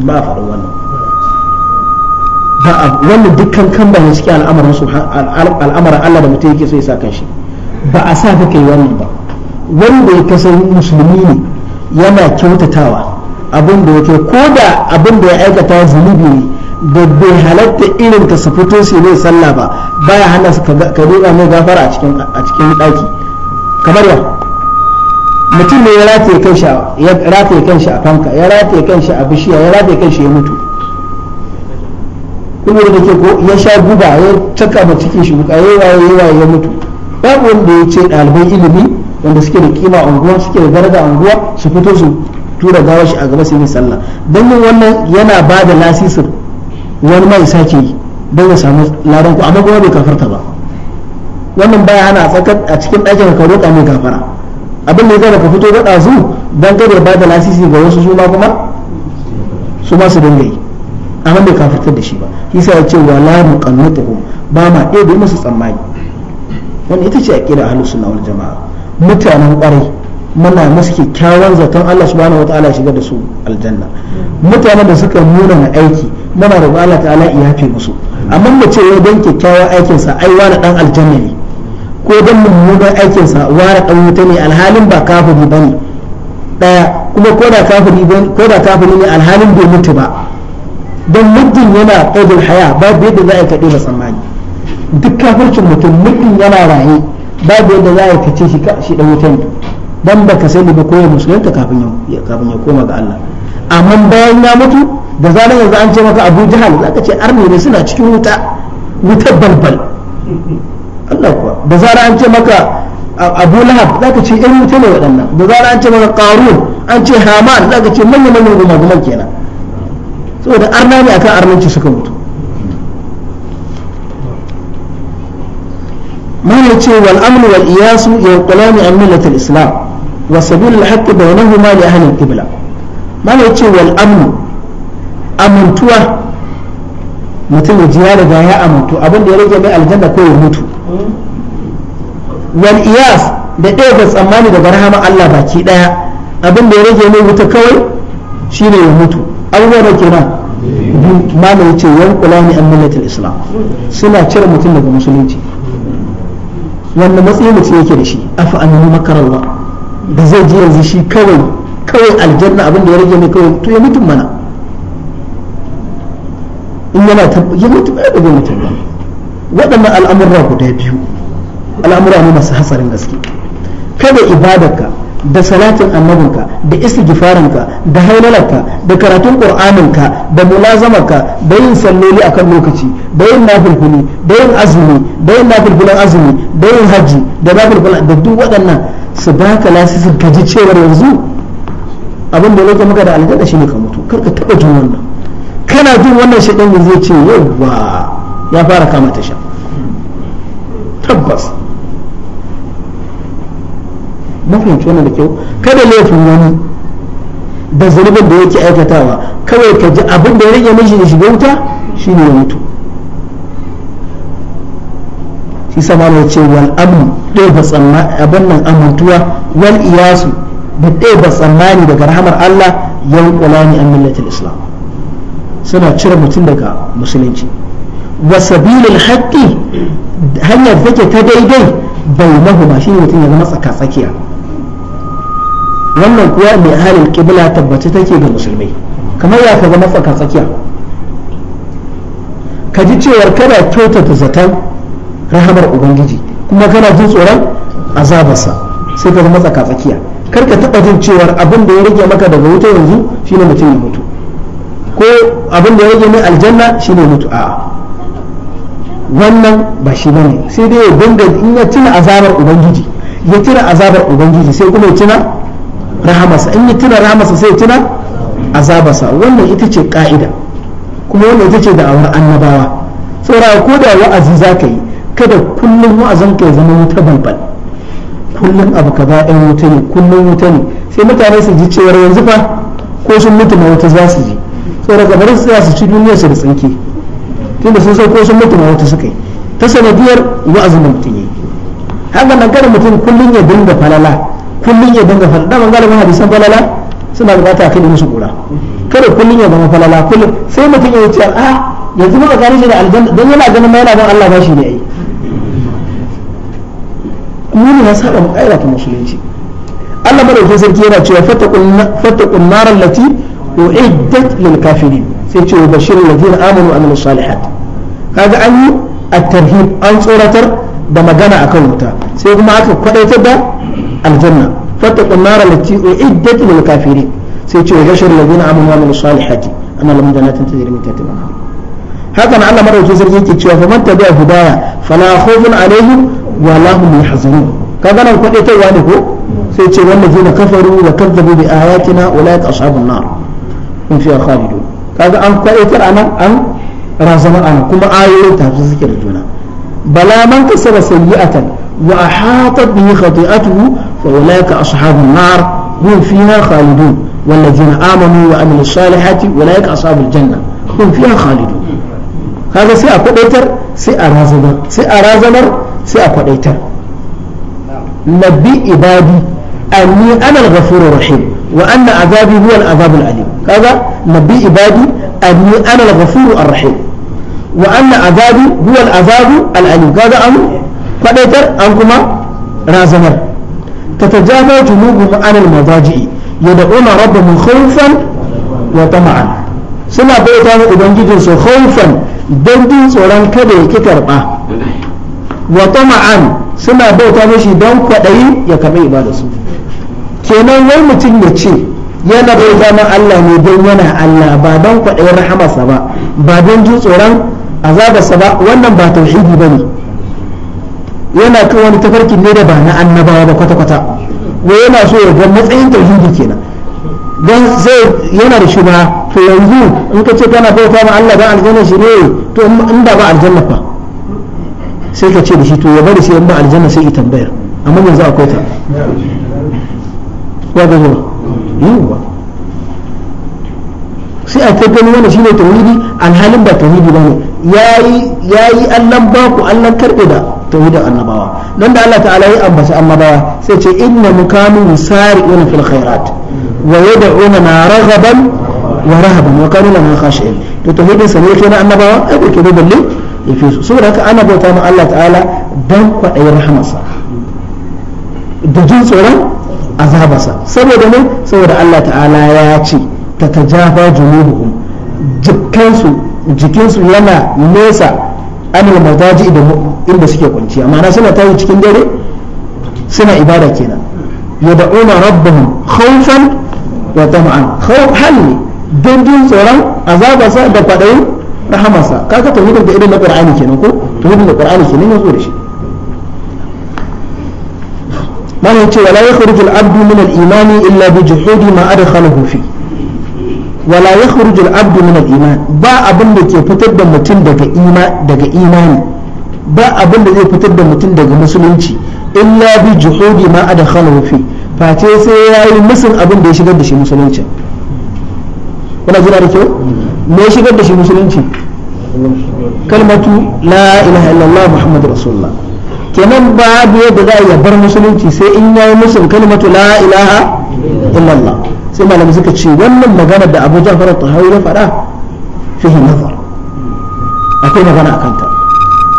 ba a faɗin wannan ba a wannan dukkan kan ba ne cikin al'amarin Allah da mutum yake so ya sa kan shi ba a sa kai wannan ba wanda ya kasar musulmi ne yana kyautatawa abin da yake ko da abin da ya aikata zunubi ne da bai halatta irin ta su fito su bai sallah ba baya hana su ka roƙa mai gafara a cikin daki kamar ya mutum ne ya rataye kanshi ya rataye kanshi a fanka ya rataye kanshi a bishiya ya rataye kanshi ya mutu kuma da ke ko ya sha guba ya caka ma cikin shi ya yayi waye ya mutu babu wanda ya ce ɗalibai ilimi wanda suke da kima a unguwa suke da daraja a unguwa su fito su tura gawar shi a gaba su yi sallah don yin wannan yana ba da lasisir wani mai sake yi don ya samu ladan ku amma kuma bai kafarta ba wannan baya hana a cikin ɗakin ka roƙa mai kafara abin da ya ka fito ga ɗazu don kada ya ba da lasisi ga wasu su ma kuma su ma su dinga yi amma bai kafartar da shi ba shi sa ya ce wala muqannatuhum ba ma ɗaya da musu tsammani wani ita ce aqida ahlus sunna wal jamaa mutanen kwarai muna musu kyakkyawan zaton Allah subhanahu wataala ya shiga da su aljanna mutanen da suka nuna aiki muna roƙo Allah ta'ala ya yafe musu amma mu ce wai dan kyakkyawan aikin sa ai wani dan aljanna ne ko dan mummunan aikin sa wani dan wuta ne alhalin ba kafiri bane daya kuma ko da kafiri bane ko da kafiri ne alhalin bai mutu ba dan muddin yana qaidul haya ba babu da za a kade da tsammani duk kafircin mutum mutum yana raye babu yadda za a fice shi shi dan wutan dan baka sani ba koyar musulunta kafin ya kafin ya koma ga Allah amma bayan ya mutu da zalan yanzu an ce maka Abu Jahal zaka ce arne ne suna cikin wuta wutar balbal Allah kuwa da zara an ce maka Abu Lahab zaka ce irin wuta ne waɗannan da zara an ce maka Qarun an ce Haman zaka ce manyan manyan gumaguman kenan saboda arna ne akan arnanci suka mutu ما يتي والأمن والإياس ينقلان عن ملة الإسلام وسبيل الحق بينهما لأهل القبلة ما يتي والأمن أمن توه mutum ya ji ya riga ya amintu abin ya rage mai aljanna ko ya mutu wal iya da ɗaya ba tsammani daga rahama Allah baki ɗaya abin da ya rage mai wuta kawai ne ya mutu abubuwan da kenan biyu malam yace yan kula ni an millatul islam suna cire mutum daga musulunci wanda matsayin mutum yake da shi afa makarar ba da zai ji yanzu shi kawai kawai aljanna abin da ya rage mai kawai to ya mutum mana in yana ya mutum ya ba mutum ba waɗannan al'amurra guda biyu al'amurra ne masu hatsarin gaske kada ibadarka da salatin annabinka da istighfarinka da hailalarka da karatun qur'aninka da mulazamarka da yin salloli akan lokaci da yin nafilfili da yin azumi da yin nafilfilan azumi da yin haji da nafilfilan da duk waɗannan su baka lasisin gaji cewar yanzu abin da lokacin maka da aljanna shine ka mutu kar ka taba jin wannan kana jin wannan shaidan yanzu ya ce yawwa ya fara kama tasha tabbas mafiyanci wannan da kyau kada laifin wani da zunubin da yake aikatawa kawai ka ji abin da ya rage mishi da shiga wuta shine ya mutu shi sama ya ce wal amnu ɗaya tsammani abin nan amintuwa wal iyasu da ɗaya tsammani daga rahamar Allah yan kulani an millatul islam suna cire mutum daga musulunci wa sabilil haqqi hanyar take ta daidai bainahuma shine mutum ya zama tsaka tsakiya wannan kuwa mai halin kibla tabbace take ga musulmai kamar ya ka zama tsaka tsakiya ka ji cewar kana ta zaton rahamar ubangiji kuma kana jin tsoron azabarsa sai ka zama tsaka tsakiya kar ka taɓa jin cewar abin da ya rage maka daga wuta yanzu shine mutum ya mutu ko abin da ya rage mai aljanna shine mutu a'a wannan ba shi bane sai dai ya dinga in ya tuna azabar ubangiji ya tuna azabar ubangiji sai kuma ya tuna rahamasa in ya tuna rahamasa sai ya tuna azabasa wannan ita ce ka'ida kuma wannan ita ce da'awar annabawa saurawa ko da wa'azi za ka yi kada kullum wa'azin ka zama wuta balbal kullum abu kaza ɗan wuta ne kullum wuta ne sai mutane su ji cewar yanzu fa ko sun mutu ma wuta za su ji saboda kamar su za su ci duniyar su da tsinke tunda sun san ko sun mutu ma wuta suka yi ta sanadiyar wa'azin da mutum yi haka nan kada mutum kullum ya dinga falala kullum ya dinga faɗa daman galibin hadisan falala suna bukata a kai musu kura kada kullum ya zama falala kullum sai mutum ya wuce a ah, yanzu muka gane shi da aljanna don yana ganin ma yana don Allah ba shi ne ai muni ya saba mukaira ta musulunci Allah madaukakin sarki yana cewa fattaqun naral lati uiddat lil kafirin sai ce bashirul ladina amanu amilu salihat kaga an yi at-tarhib an tsoratar da magana akan wuta sai kuma aka kwadaitar da الجنة فاتقوا النار التي أعدت للكافرين سيتي وحشر الذين آمنوا وعملوا الصالحات أما لهم جنات تجري من تحتها الأنهار هذا معنى مرة جزر جيتي فمن تبع هدايا فلا خوف عليهم ولا هم يحزنون كذا لو كنت يتوانه سيتي والذين كفروا وكذبوا بآياتنا أولئك أصحاب النار هم فيها خالدون كذا أن كنت أنا أن رازم أنا كما آيوين في ذكر الجنة بلا من كسب سيئة وأحاطت به خطيئته فأولئك أصحاب النار هم فيها خالدون والذين آمنوا وعملوا الصالحات أولئك أصحاب الجنة هم فيها خالدون هذا سي أقديتر سي أرازمر سي أرازمر سي أقديتر نبي عبادي أني أنا الغفور الرحيم وأن عذابي هو العذاب العليم هذا نبي عبادي أني أنا الغفور الرحيم وأن عذابي هو العذاب العليم هذا أمر قديتر أنكما رازمر تتجافى جنوبهم عن المضاجع يدعون ربهم خوفا وطمعا سنا بيتا وبنجدين سو خوفا دندين سوران كده كتربا وطمعا suna bauta mashi don kwaɗayi ya karɓi ibadarsu kenan wai mutum ya ce yana bauta ma Allah ne don yana Allah ba don kwaɗayin rahamarsa ba ba don jin tsoron azabarsa ba wannan ba tauhidi ba ne yana kan wani tafarkin ne da ba na annabawa ba kwata-kwata wa yana so ya ga matsayin tauhidi kenan don sai yana da shi ba to yanzu in ka ce kana bauta ma Allah ba aljanna shi ne to in da ba aljanna fa sai ka ce da shi to ya bari sai in ba aljanna sai ki tambaya amma yanzu akwai ta ya ga zuwa yiwuwa sai a ta gani wannan shine tauhidi alhalin ba tauhidi bane yayi ya yi allan baku allan karbe da tauhidin annabawa don da Allah ta'ala ya ambaci annabawa sai ce inna sari sari'una fil khairat wa yad'una na raghaban wa rahaban wa kanu lana khashin to tauhidin sa ne kenan annabawa ai ke da balle yafi su saboda haka ana bauta ma Allah ta'ala dan kwaɗayin rahamarsa da jin tsoron azabarsa saboda ne saboda Allah ta'ala ya ce ta tajaba junubuhum jikansu jikinsu yana nesa anil mazaji inda suke kwanciya ma'ana suna tashi cikin dare suna ibada kenan yad'una rabbahum khawfan wa tam'an khawf halli don jin tsoron azabarsa da kwaɗayin rahamarsa kaga tauhidin da irin na qur'ani kenan ko tauhidin da qur'ani kenan ya zo da shi mana yace wala yakhruju al-abdu min al-imani illa bi juhudi ma adkhalahu fi wala ya khurujul abdu min iman ba abin da ke fitar da mutum daga daga imani ba abin da zai fitar da mutum daga musulunci illa bi juhudi ma adkhalahu fi face sai yayi musun abin da ya shigar da shi musulunci kuna jira da kyau me ya shigar da shi musulunci kalmatu la ilaha illallah muhammadu rasulullah kenan babu da za a bar musulunci sai in yayi musun kalmatu la ilaha illallah sai malamai suka ce wannan magana da Abu Ja'far al-Tahawi ya faɗa fihi nazar akwai magana a kanta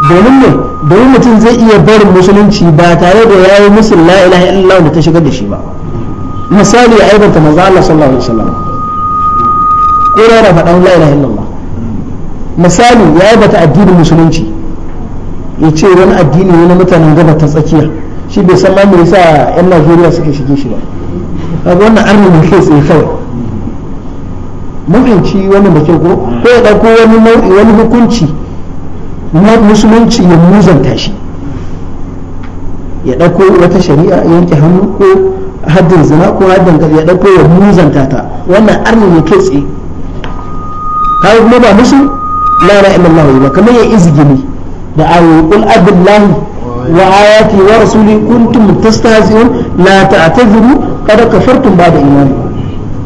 domin ne domin mutum zai iya barin musulunci ba tare da yayi musul la ilaha illallah da ta shigar da shi ba misali ya aibanta manzo Allah sallallahu alaihi wasallam ko da faɗan la ilaha illallah misali ya aibata addinin musulunci ya ce wani addini ne na mutanen gaba ta tsakiya shi bai san ma me yasa yan Najeriya suke shige shi ba kaga wannan arni ne kai tsaye kawai mafinci wannan da ke ko ko ya dauko wani nau'i wani hukunci na musulunci ya muzanta shi ya dauko wata shari'a yanke hannu ko haddin zina ko haddin kaza ya dauko ya muzanta ta wannan arni ne kai tsaye kai kuma ba musu la ilaha illallah ba kamar ya izgini da ayoyi qul abillahi وآياتي ورسولي كنتم تستهزئون لا تعتذروا kada kafartun ba da imani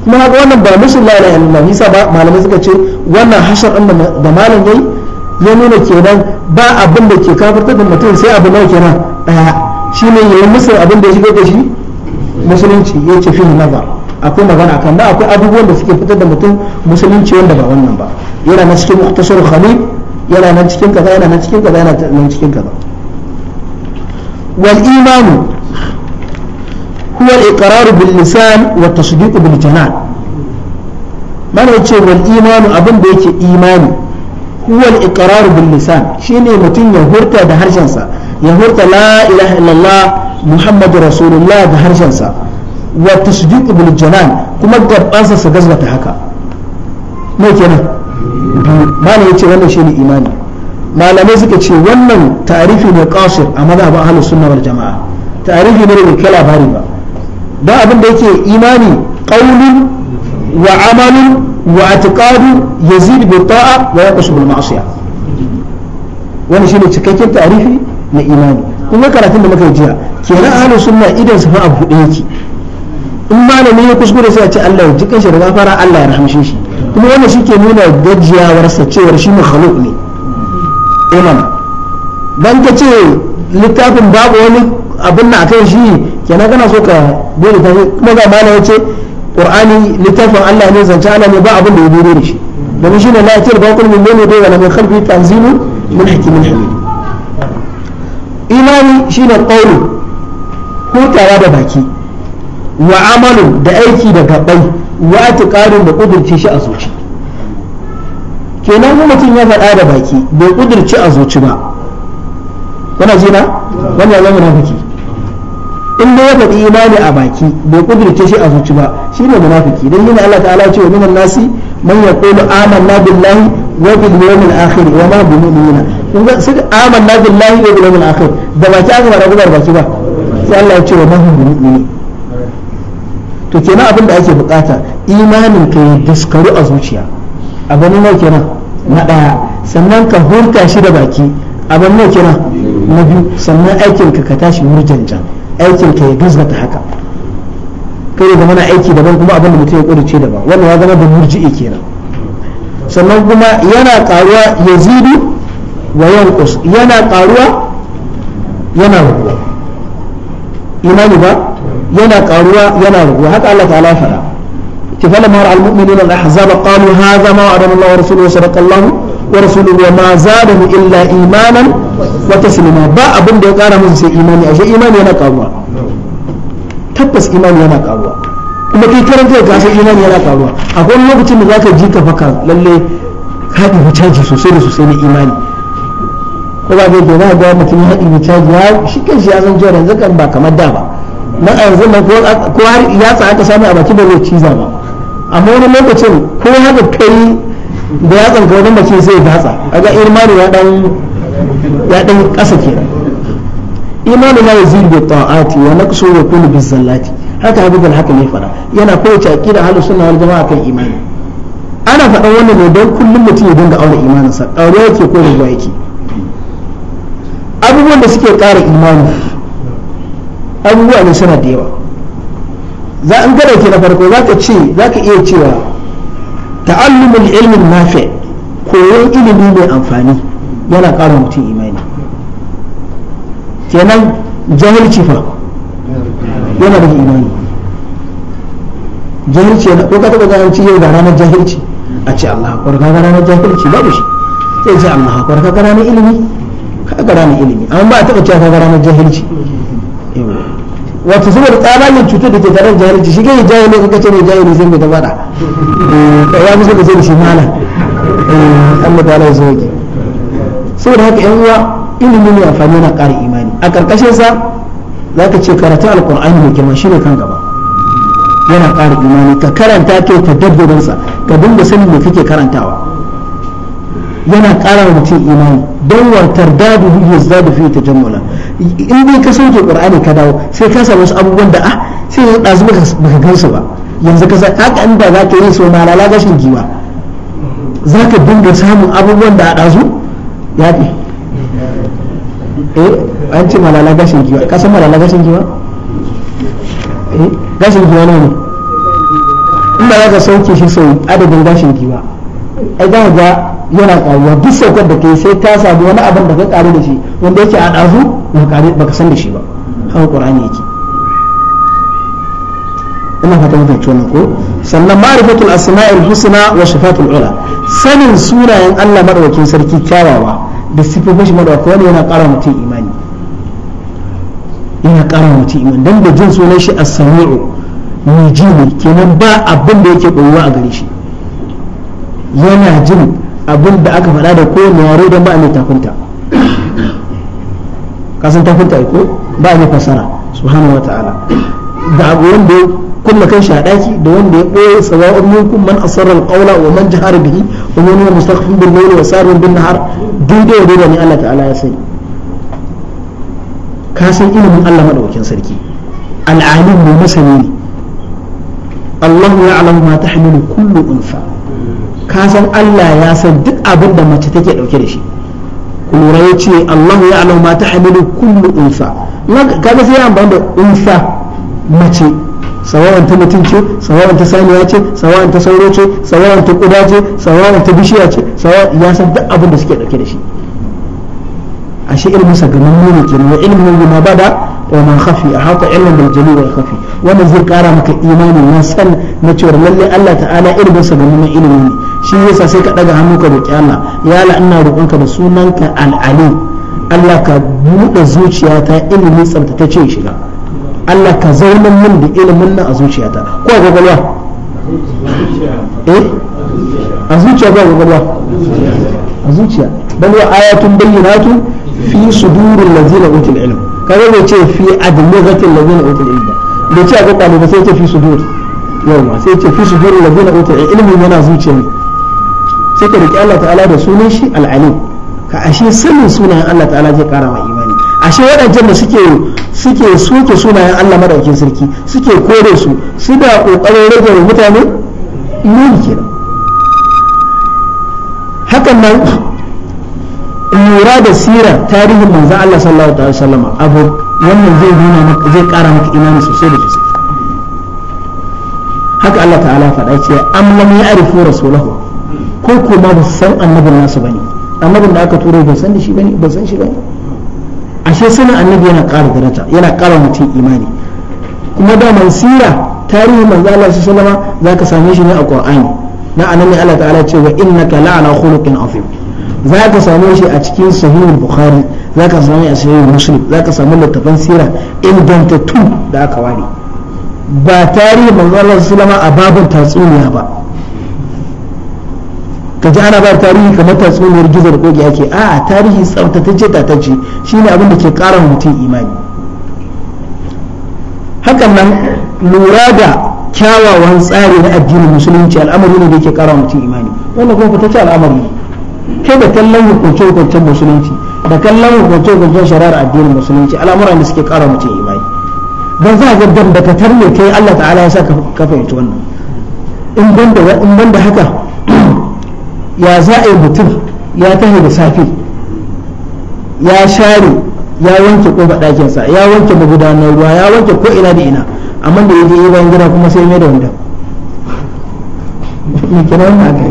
kuma haka wannan ba musul la ilaha illallah yasa ba malamai suka ce wannan hashar din da malam yayi ya nuna kenan ba abin da ke kafarta da mutum sai abu nawa kenan daya shine yayin musul abin da ya shigo da shi musulunci ya ce fihi nazar akwai magana akan da akwai abubuwan da suke fitar da mutum musulunci wanda ba wannan ba yana na cikin muhtasar khalil yana nan cikin kaza yana nan cikin kaza yana nan cikin kaza wal imanu huwa al-iqrar bil lisan wa tasdiq bil janan mana yace wal imanu abin da yake imani huwa al-iqrar bil lisan shine mutum ya hurta da harshensa ya hurta la ilaha illallah muhammadu rasulullah da harshensa wa tasdiq bil janan kuma gabansa su gazgata haka me kenan malam yace wannan shine imani malamai suka ce wannan tarihi ne a mazhabin ahlus sunna wal jamaa tarihi ne da kai labari ba ba abin da yake imani qaulun wa amalun wa atiqadu yazid bi ta'a wa yanqus bil ma'siyah wani shi ne cikakken tarihi na imani Kun ga karatun da muka jiya kenan ahlus sunna idan su fa abu da yake in malami ya kuskure sai a ce Allah ya ji kanshi da gafara Allah ya rahamshe shi kuma wannan shi ke nuna sa cewar shi makhluk ne imam dan ka ce littafin babu wani abin na akan shi kenan kana so ka dole ta kuma ga mana yace qur'ani littafin Allah ne zance Allah ne ba abin da ya dore da shi domin shine la yatir baqul min bayni dai wala min khalfi tanzilu min hakimin hamid imani shine qawlu hutawa da baki wa amalu da aiki da gabai wa atiqadun da kudurci shi a zuci kenan mutum ya faɗa da baki bai kudurci a zuci ba kana jina wannan zama na fiki in dai ya faɗi imani a baki bai kudirce shi a zuci ba shi ne munafiki dan yana Allah ta'ala ce wa minan nasi man yaqulu amanna billahi wa bil yawmil akhir wa ma bi mu'minina kun ga suka amanna billahi wa bil yawmil akhir da baki aka fara gubar baki ba sai Allah ya ce wa ma bi mu'mini to kenan abin da ake bukata imanin ka ya daskaru a zuciya abu ne mai kenan na daya sannan ka hurta shi da baki abu ne kenan na biyu sannan aikin ka ka tashi wurjanjan aikin ke ya gazgata haka kai ya zama aiki daban kuma abin da mutum ya ƙudurce ba wannan ya zama da murji kenan sannan kuma yana ƙaruwa ya zidu wa yankus yana ƙaruwa yana raguwa imani ba yana ƙaruwa yana raguwa haka Allah ta'ala fara kifala mawar al-mu'minina al-ahzaba qalu hadha ma wa'adana Allah wa rasuluhu sadaqa Allah wa rasuluhu maza da zadahu illa imanan wa taslima ba abin ya kara musu sai imani ashe imani yana karuwa tabbas imani yana karuwa kuma kai karanta ka sai imani yana akwai lokacin da zaka ji ka faka lalle ka ɗibi caji sosai da sosai na imani ko ba zai gaba ga mutum ya ɗibi caji ya shi kan shi ya yanzu kan ba kamar da ba na yanzu nan ko har ya ka samu a baki ba ciza ba amma wani lokacin ko haka kai da ya tsanka wani mace sai ya gatsa aga imani ya dan ya dan kasa kenan imanu la yazidu bi ta'ati wa naqsu ya kullu bi zallati haka da haka ne fara yana kowace aqida hali sunna wal jamaa kan imani ana faɗan wannan ne don kullum mutum ya dinga aure imaninsa aure yake ko rubuwa yake abubuwan da suke ƙara imani abubuwa ne suna da yawa za an gada ke na farko za ka ce za ka iya cewa ta'allumul ilmin nafi koyon ilimi mai amfani yana ƙara mutum imani kenan jahilci fa yana da imani jahilci yana ko ka taɓa jahilci yau da ranar jahilci a ce Allah haƙwar ka ranar jahilci babu shi sai ce Allah haƙwar ka ranar ilimi ka ranar ilimi amma ba a taɓa cewa ka ranar jahilci wato saboda tsamanin cutar da ke tare da jahilci shi kai jahili ka ce ne jahili sai mai tabada eh, da eh, ya musu da zai shi malam an ta Allah zai yi saboda haka yan uwa ilimi ne amfani na ƙara imani a ƙarƙashin sa zaka ce karatu alqur'ani mai shi shine kan gaba yana ƙara imani ka karanta kai ta dabbarin sa ka dinga sanin me kake karantawa yana ƙara wa mutum imani don wa tardadu yazdadu fi tajammula in dai ka sauke qur'ani ka dawo sai ka samu wasu abubuwan da ah sai ya dazu baka gansu ba yanzu ka haka inda za ka yi so ma lala gashin giwa za ka dinga samun abubuwan da a dazu ya fi eh an ce malala gashin giwa ka san malala gashin giwa eh gashin giwa ne in ba za ka sauke shi sau adadin gashin giwa ai za ka ga yana karuwa duk saukar da ke sai ta sami wani abin da ka karu da shi wanda yake a ɗazu ba ka san da shi ba haka ƙur'ani yake ina fata mafi cewa wannan ko sannan ma'arifatul asma'il husna wa Shafatul ula sanin sunayen Allah madaukakin sarki kyawawa da sifofin shi madaukakin wani yana ƙara mutum imani yana ƙara mutum imani don da jin sunan shi a samiu mai ji kenan ba abin da yake koyuwa a gare shi yana jin abin da aka faɗa da kowane waro don ba a mai tafinta kasan tafinta ko ba a mai fasara subhanahu wa ta'ala da abu wanda ya kulla kan shaɗaki da wanda ya ɓoye tsawon minkum man asarra alqawla wa man jahara bihi wa man huwa mustaqbil bil layli wa sarin bin nahar daidai da ne Allah ta'ala ya sani ka san ilimin Allah madaukakin sarki al'alim mai masani ne Allah ya alamu ma tahmilu kullu unfa ka san Allah ya san duk abin da mace take dauke da shi ku lura ya ce Allah ya alamu ma ta hamilu kullu unsa kaga sai ya amfani da unsa mace sawawan ta mutum ce sawawan ta saniya ce sawawan ta sauro ce sawawan ta kuda ce sawawan ta bishiya ce sawawan ya san duk abin da suke dauke da shi ashe ilmin sa ganin ne kenan wa ilmin ma bada wa man khafi ahata ilmin bil jali wal khafi wannan zai kara maka imani na san na cewa lalle Allah ta'ala ilmin sa ganin ilimi ne shi yasa sai ka daga hannu ka roki Allah ya la ina roƙonka da sunanka al ali Allah ka buɗe zuciyata ilimi tsaftace shiga Allah ka zauna min da ilimin nan a zuciyata ko a gwagwalwa eh a zuciya ba gwagwalwa a zuciya bal wa ayatun bayyinatu fi sudurul ladzina utul ilm kaga bai ce fi admughatil ladzina utul ilm bai ce a gwagwalwa ba sai ce fi sudur yawa sai ce fi sudurul ladzina utul ilm yana zuciya ne sai ka roki Allah ta'ala da sunan shi al'alim ka ashe sanin sunayen Allah ta'ala zai kara ma imani ashe waɗancan da suke suke soke sunayen Allah madaukakin sarki suke kore su su da ƙoƙarin rage wa mutane imani kenan hakan nan lura da sirar tarihin manzo Allah sallallahu alaihi wasallam abu wannan zai nuna maka zai kara maka imani sosai da sosai haka Allah ta'ala faɗa ce am lam ya'rifu rasulahu ko kuma ba san annabin nasu bane annabin da aka turo ba san da shi bane ba san shi bane ashe sanin annabi yana ƙara daraja yana ƙara mutum imani kuma da sira tarihin manzo Allah su sallama zaka same shi ne a Qur'ani na anan Allah ta'ala ce wa innaka la'ala khuluqin azim zaka same shi a cikin sahih bukhari zaka same shi a sahih muslim zaka samu littafan sira ingantattu da aka ware ba tarihin manzo Allah su sallama a babin tatsuniya ba ka ji ana bayar tarihi kamar tatsuniyar gizo da kogi ake a tarihi tsaftatacce tatacce shine abin da ke ƙara mutum imani hakan nan lura da kyawawan tsari na addinin musulunci al'amari ne da ke ƙara mutum imani wannan kuma fitacce al'amari ne kai da kallon hukunce-hukuncen musulunci da kallon hukunce-hukuncen shari'ar addinin musulunci al'amuran da suke ƙara mutum imani don za ka ga dambakatar ne kai Allah ta'ala ya sa ka fahimci wannan in banda haka ya za a yi mutum ya tahi da safe ya share ya wanke kofar ɗakinsa ya wanke magudanar ruwa ya wanke ko ina da ina amma da yaje yi bayan gida kuma sai mai da wanda me kenan haka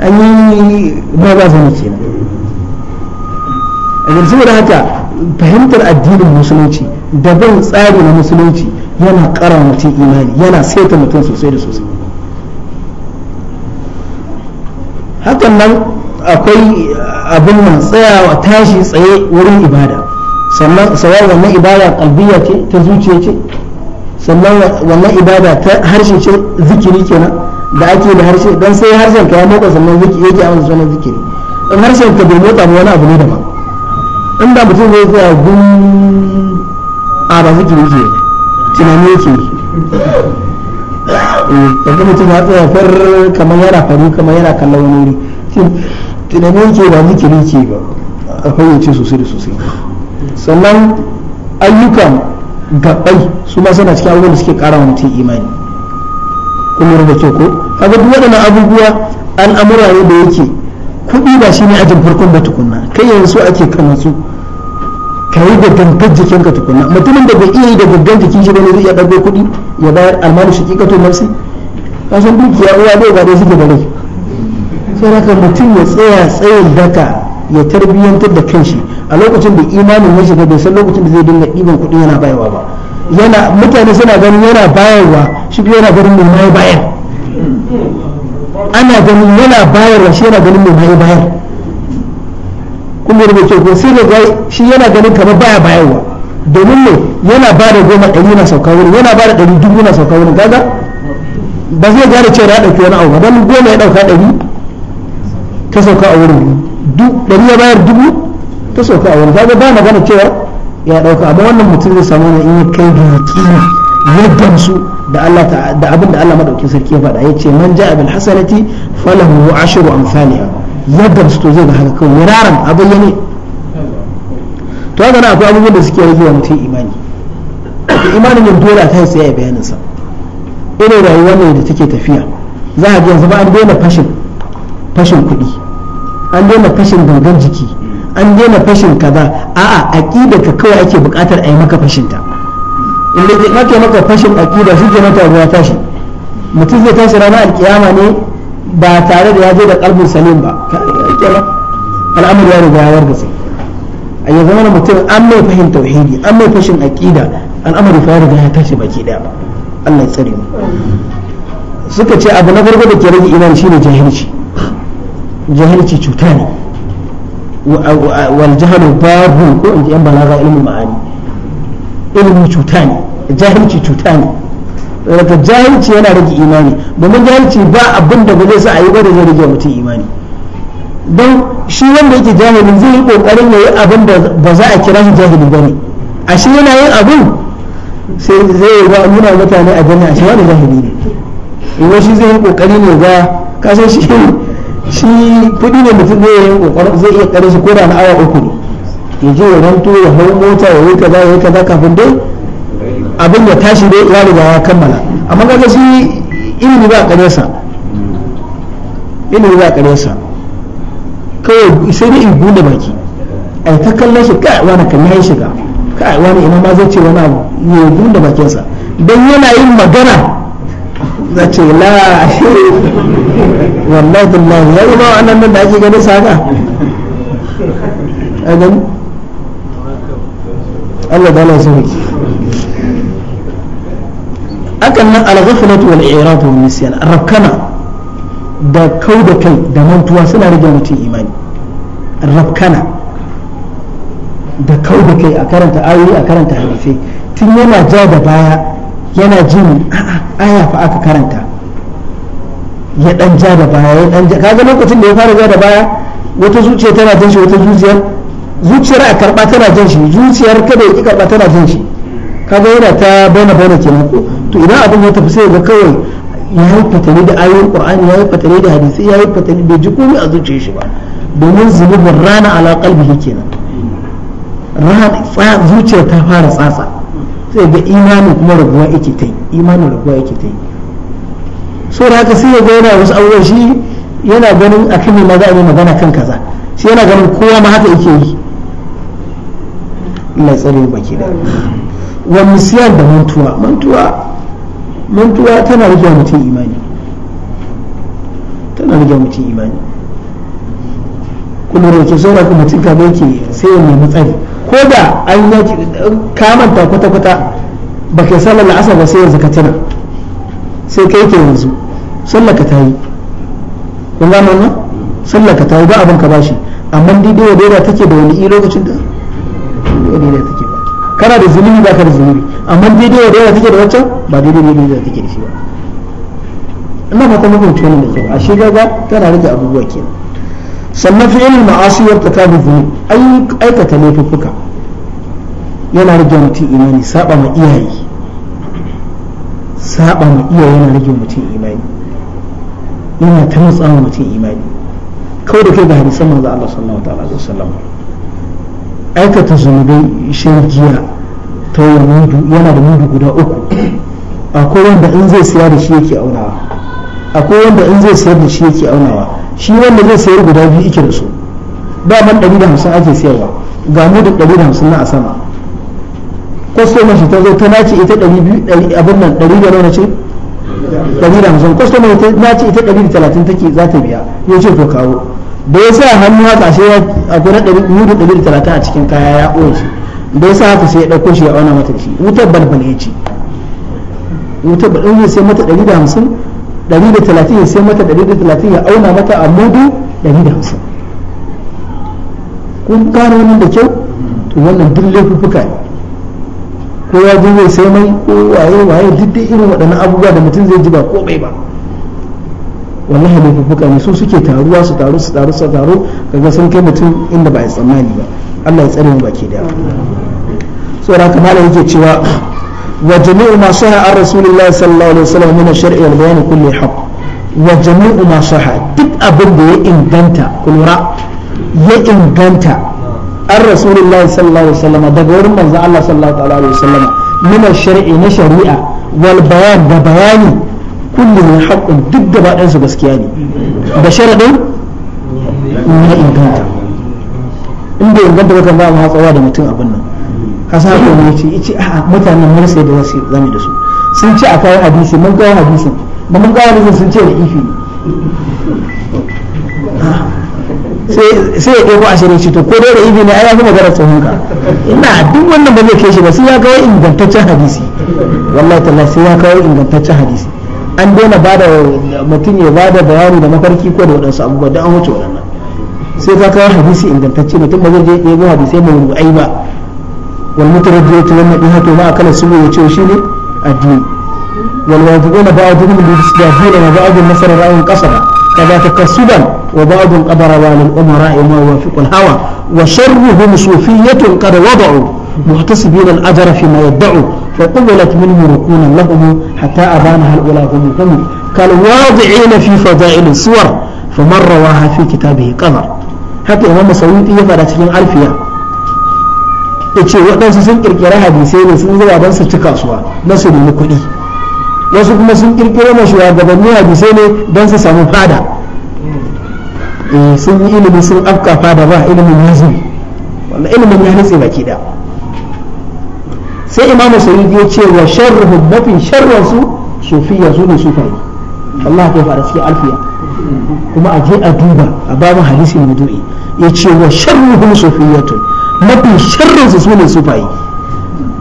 an yi ba ba zama kenan a yanzu da haka fahimtar addinin musulunci da bin tsari na musulunci yana ƙara mutum imani yana seta mutum sosai da sosai hakan nan akwai abin nan tsayawa tashi tsaye wurin ibada sannan sawar wannan ibada kalbiya ce ta zuciya ce sannan wannan ibada ta harshe ce zikiri kenan da ake da harshe don sai harshen ka ya motsa sannan zikiri yake amsa sunan zikiri in harshen ka bai motsa ba wani abu ne ma in da mutum zai tsaya gun a ba zikiri ke tunani yake Eh, yanzu mutum ya tsaya far kamar yana faru kamar yana kallon wani wuri tunanin ke ba zikiri ke ba a fayyace sosai da sosai sannan ayyukan gabbai su ma suna cikin abubuwan da suke kara mutum imani kuma da kyau ko kaga duk waɗannan abubuwa al'amura ne da yake kuɗi ba shi ne ajin farkon ba tukunna kai yanzu ake kan su ka yi da gantar jikinka tukuna mutumin da bai iya yi da gaggan jikin shi bane zai iya dago kuɗi ya bayar almanu shi tun nafsi kasan dukiya uwa bai ba dai suke da rai sai haka mutum ya tsaya tsayin daka ya tarbiyyantar da kanshi a lokacin da imanin ya shiga bai san lokacin da zai dinga ɗiban kuɗi yana bayarwa ba yana mutane suna ganin yana bayarwa shi kuma yana ganin mai bayar ana ganin yana bayarwa shi yana ganin mai bayar kuma da ke ko sai ga shi yana ganin kamar baya bayarwa domin ne yana ba da goma ɗari na sauka wurin yana ba da ɗari dubu na sauka wurin kaga ba zai gane cewa ya ɗauki wani abu ba don goma ya ɗauka ɗari ta sauka a wurin ɗari ya bayar dubu ta sauka a wurin kaga ba magana cewa ya ɗauka amma wannan mutum zai samu ne in ya kai da yaƙini yadda gamsu da Allah da abin da Allah madaukin sarki ya faɗa yace man ja'a bil hasanati falahu ashru amsalha yadda su to zai ga haka kawai wiraran a bayyane to haka na akwai abubuwan da suke rage wa mutum imani da imanin yin dole a ta tsaye a bayanansa. irin rayuwa ne da take tafiya za a yanzu ba an daina fashin fashin kuɗi an daina fashin dangan jiki an daina fashin kaza a'a aƙida ka kawai ake buƙatar a yi maka fashin ta in da ke maka fashin aƙida shi ke mata ruwa tashi mutum zai tashi rana alƙiyama ne ba tare da ya je da kalbin salim ba Al'amur ya riga ya wargaza a yanzu zama mutum an mai fahim tauhidi an mai fashin aƙida al'amur ya riga ya tashi baki daya ba Allah ya tsare suka ce abu na farko da ke rage shi ne jahilci jahilci cuta ne wal jahlu babu ko in ji yan balaga ilmin ma'ani ilmi cuta ne jahilci cuta ne daga jahilci yana rage imani domin jahilci ba abin da ba zai sa a yi ba da zai rage mutum imani don shi wanda yake jahilin zai yi kokarin ya yi abin da ba za a kira shi jahili ba ne a shi yana yin abin sai zai yi ba nuna mutane a gani a shi wani jahili ne iwa shi zai yi kokari ne ga kasan shi shi kudi ne mutum zai yi kokarin zai iya kare shi ko da na awa uku ne ya je ya ranto ya hau mota ya yi kaza ya yi kaza kafin dai abin da tashi dai ya riga ya kammala amma kaga shi ilimi ba kare sa ilimi ba kare sa kai sai dai in bude baki ai ta kallon shi kai wani kan yayi shiga kai wani ina ma zai ce wani abu ne bude bakin sa dan yana yin magana za ce la wallahi billahi Ya ba wannan nan da ake ganin sa haka Allah da Allah ya akan nan al-ghaflatu wal i'rad wal nisyan rabkana da kau da kai da mantuwa suna rage mutum imani rabkana da kau da kai a karanta ayoyi a karanta hadisai tun yana ja da baya yana jin a'a aya fa aka karanta ya dan ja da baya ya dan ja kaga lokacin da ya fara ja da baya wata zuciya tana jin shi wata zuciyar zuciyar a karba tana jin shi zuciyar kada ya ki karba tana jin shi kaga yana ta bana bana kenan ko to idan abin ya tafi sai ga kawai ya yi fatali da ayoyin qur'ani ya yi fatali da hadisi ya yi fatali bai ji komai a zuciyar shi ba domin zunubin rana ala qalbihi kenan rana ta fara tsatsa sai ga imanin kuma raguwa yake ta yi imanin raguwa yake ta yi so da haka sai ya ga yana wasu abubuwan shi yana ganin a kan ma za a yi magana kan kaza shi yana ganin kowa ma haka yake yi ya baki da wa misiyar da mantuwa mantuwa mantuwa tana rage mutum imani tana rage mutum imani kuma rike ke saura kuma mutum kama yake sai ya nemi tsari ko da an yaki kamanta kwata-kwata ba ka sallar la'asar ba sai yanzu ka tuna sai kai ke yanzu sallar ka ta yi kun gano wannan sallar ka ta yi ba abin ka bashi amma dai da ta take da wani lokacin da daidai take ba kana da zunubi ba ka da zunubi amma daidai wa daidai take da wancan ba daidai da take da shi ba ina fata muku mutum wannan da kyau ashe gaga tana rage abubuwa kenan sannan fi ilmi ma'asi wa takabu zunub aikata laifuka yana rage mutum imani saba ma iyaye saba ma iyaye yana rage mutum imani yana ta mutsa mutum imani kawai da kai ga hadisan manzo Allah sallallahu alaihi wasallam aikata zunubai shirkiya ta mudu yana da mudu guda uku akwai wanda in zai siya da shi yake aunawa akwai wanda in zai siyar da shi yake aunawa shi wanda zai sayar guda biyu ike da su daman 150 ake siyarwa ga mudu 150 na a sama kwastomar shi ta zo ta nace ita 200 abin nan 100 da nace 150 kwastomar ta nace ita 130 take za ta biya ya ce to kawo da ya sa hannu haka sai ya akwai na mudu ɗari talatin a cikin kaya ya ɓoye shi da ya sa haka sai ya ɗauko shi ya auna mata shi wutar balbal ya ce wutar balbal ya sai mata ɗari da hamsin ɗari da talatin ya sai mata ɗari da talatin ya auna mata a mudu ɗari da hamsin kun kare wannan da kyau to wannan duk laifuffuka ne ko ya je zai sai mai ko waye waye duk irin waɗannan abubuwa da mutum zai ji ba ko bai ba wallahi laifuffuka ne su suke taruwa su taru su taru su taru kaga sun kai mutum inda ba ya tsammani ba Allah ya tsare mu baki da tsora kamar yake cewa wa jami'u ma saha an rasulullahi sallallahu alaihi wasallam min ash-shar'i wal bayan kulli haqq wa jami'u ma saha duk abin da ya inganta kulura ya inganta an rasulullahi sallallahu alaihi wasallam daga wurin manzon Allah sallallahu alaihi wasallam min ash-shar'i na shari'a wal bayan da bayani kulluhu haqqun duk da ba ɗansu gaskiya ne da sharadin na inganta in bai inganta ba a za mu hatsawa da mutum abin nan kasa ko ne ce ice a mutanen mun da su zame da su sun ce a kawo hadisi mun kawo hadisi ba mun kawo hadisi sun ce da ifi sai ya ɗauko a ce to ko dai da ibi ne a ya fi magana tsohon ka ina duk wannan ba zai kai shi ba sai ya kawo ingantaccen hadisi wallahi tallahi sai ya kawo ingantaccen hadisi an daina ba da mutum ya ba da bayani da mafarki ko da waɗansu abubuwa da an wuce waɗannan sai ka kawo hadisi ingantacce mutum ba zai je ɗebo hadisai mai rubai ba wal mutarajjiyatu wan nadihatu ma akala subu ya ce shi ne addini wal wajibuna ba'dhum li yasdahuna wa ba'dhum nasara ra'un qasara kaza takassuban wa ba'dhum qadara wa lil umara ma wafiqul hawa wa sharruhum sufiyyatun qad wada'u muhtasibina al ajra fi ma yad'u فقبلت منه ركونا لهم حتى أبانها الأولى هم كالواضعين في فضائل الصور فمن رواها في كتابه قذر haka imam masauki ya fada cikin alfiya ya ce waɗansu sun ƙirƙira hadisai ne sun zuwa don su ci kasuwa na su nemi kuɗi wasu kuma sun ƙirƙira ma shugabanni hadisai ne don su samu fada sun yi ilimi sun afka fada ba ilimin yanzu wannan ilimin ya nutse baki ɗaya sai imam sayyid ya ce wa sharruhum mafi sharrun su sufiya su ne sufai Allah ya fara cikin alfiya kuma a je a duba a hadisi hadisin wudu'i ya ce wa sharruhum sufiyatu mafi sharrun su su ne sufai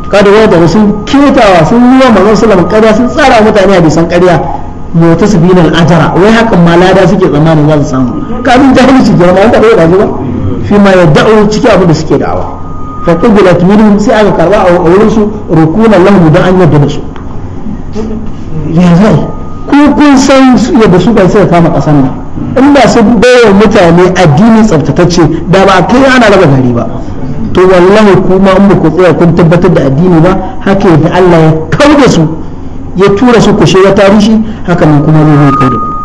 kada wanda da sun kyautawa sun yi wa manzon sallallahu alaihi sun tsara mutane a bisan ƙarya mota su bi nan ajara wai hakan ma lada suke tsammanin za su samu kafin jahilci girma wanda ta da ba fi ma ya da'u cikin abu da suke da'awa fa qubilat minhum sai aka karba a wurin su rukunan lahum dan an yarda da su ya zai ko kun san yadda su bai sai kama kasan nan in ba su bayar mutane addini tsaftatacce da ba kai ana raba gari ba to wallahi kuma in ku tsaya kun tabbatar da addini ba haka yadda Allah ya kauda ya tura su ku tarihi haka nan kuma zai kauda ku.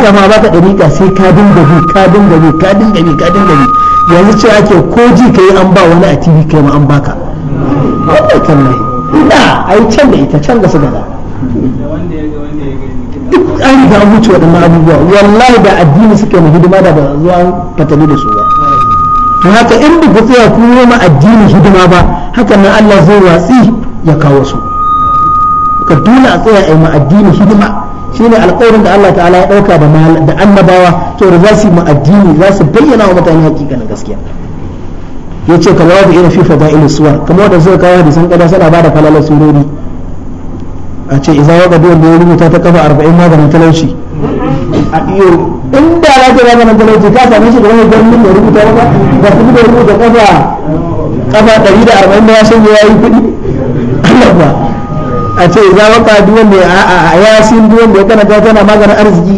haka ma baka dariƙa sai ka dinga bi ka dinga bi ka dinga bi ka dinga bi yanzu ce ake ko ji ka yi an ba wani a tv kai ma an baka wannan kallai a ai can da ita can da su gada duk an riga an wuce waɗannan abubuwa wallahi da addini suke mu hidima da ba zuwa fatali da su ba to haka in ba ku tsaya ku ma addini hidima ba haka nan Allah zai watsi ya kawo su ka dole a tsaya a yi ma addini hidima shine alƙawarin da Allah ta'ala ya ɗauka da da annabawa to da za su yi addini za su bayyana wa mutane hakikanin gaskiya Ya ce kamar wanda irin fi fada'il suwar kamar wanda suka kawo san kada suna ba da falalar surori a ce idza waga duwan da ya rubuta ta kafa arba'in maganin talauci a iyo inda za ta maganin talauci ka same shi da wani gwamnati da rubuta maka ba su da rubuta kafa kafa ɗari da ya shanye yayi kudi Allah ba a ce za waka duwan wanda a yasin duwan wanda ya karanta tana maganin arziki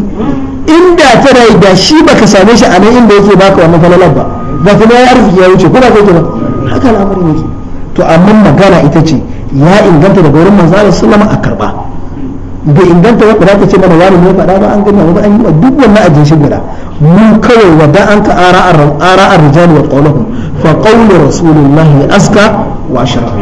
inda ta rai da shi baka same shi a nan inda yake baka wannan falalar ba ba kuma ya arziki ya wuce kuna kai kenan haka al'amarin yake to amma magana ita ce ya inganta daga wurin manzo Allah sallama a karba bai inganta ba da ta ce mana wani ne faɗa ba an gani wani an yi wa duk wannan ajin shi guda mu kawai wa da an ka ara ar rijal wa qawluhum fa qawlu rasulillahi aska wa ashrafu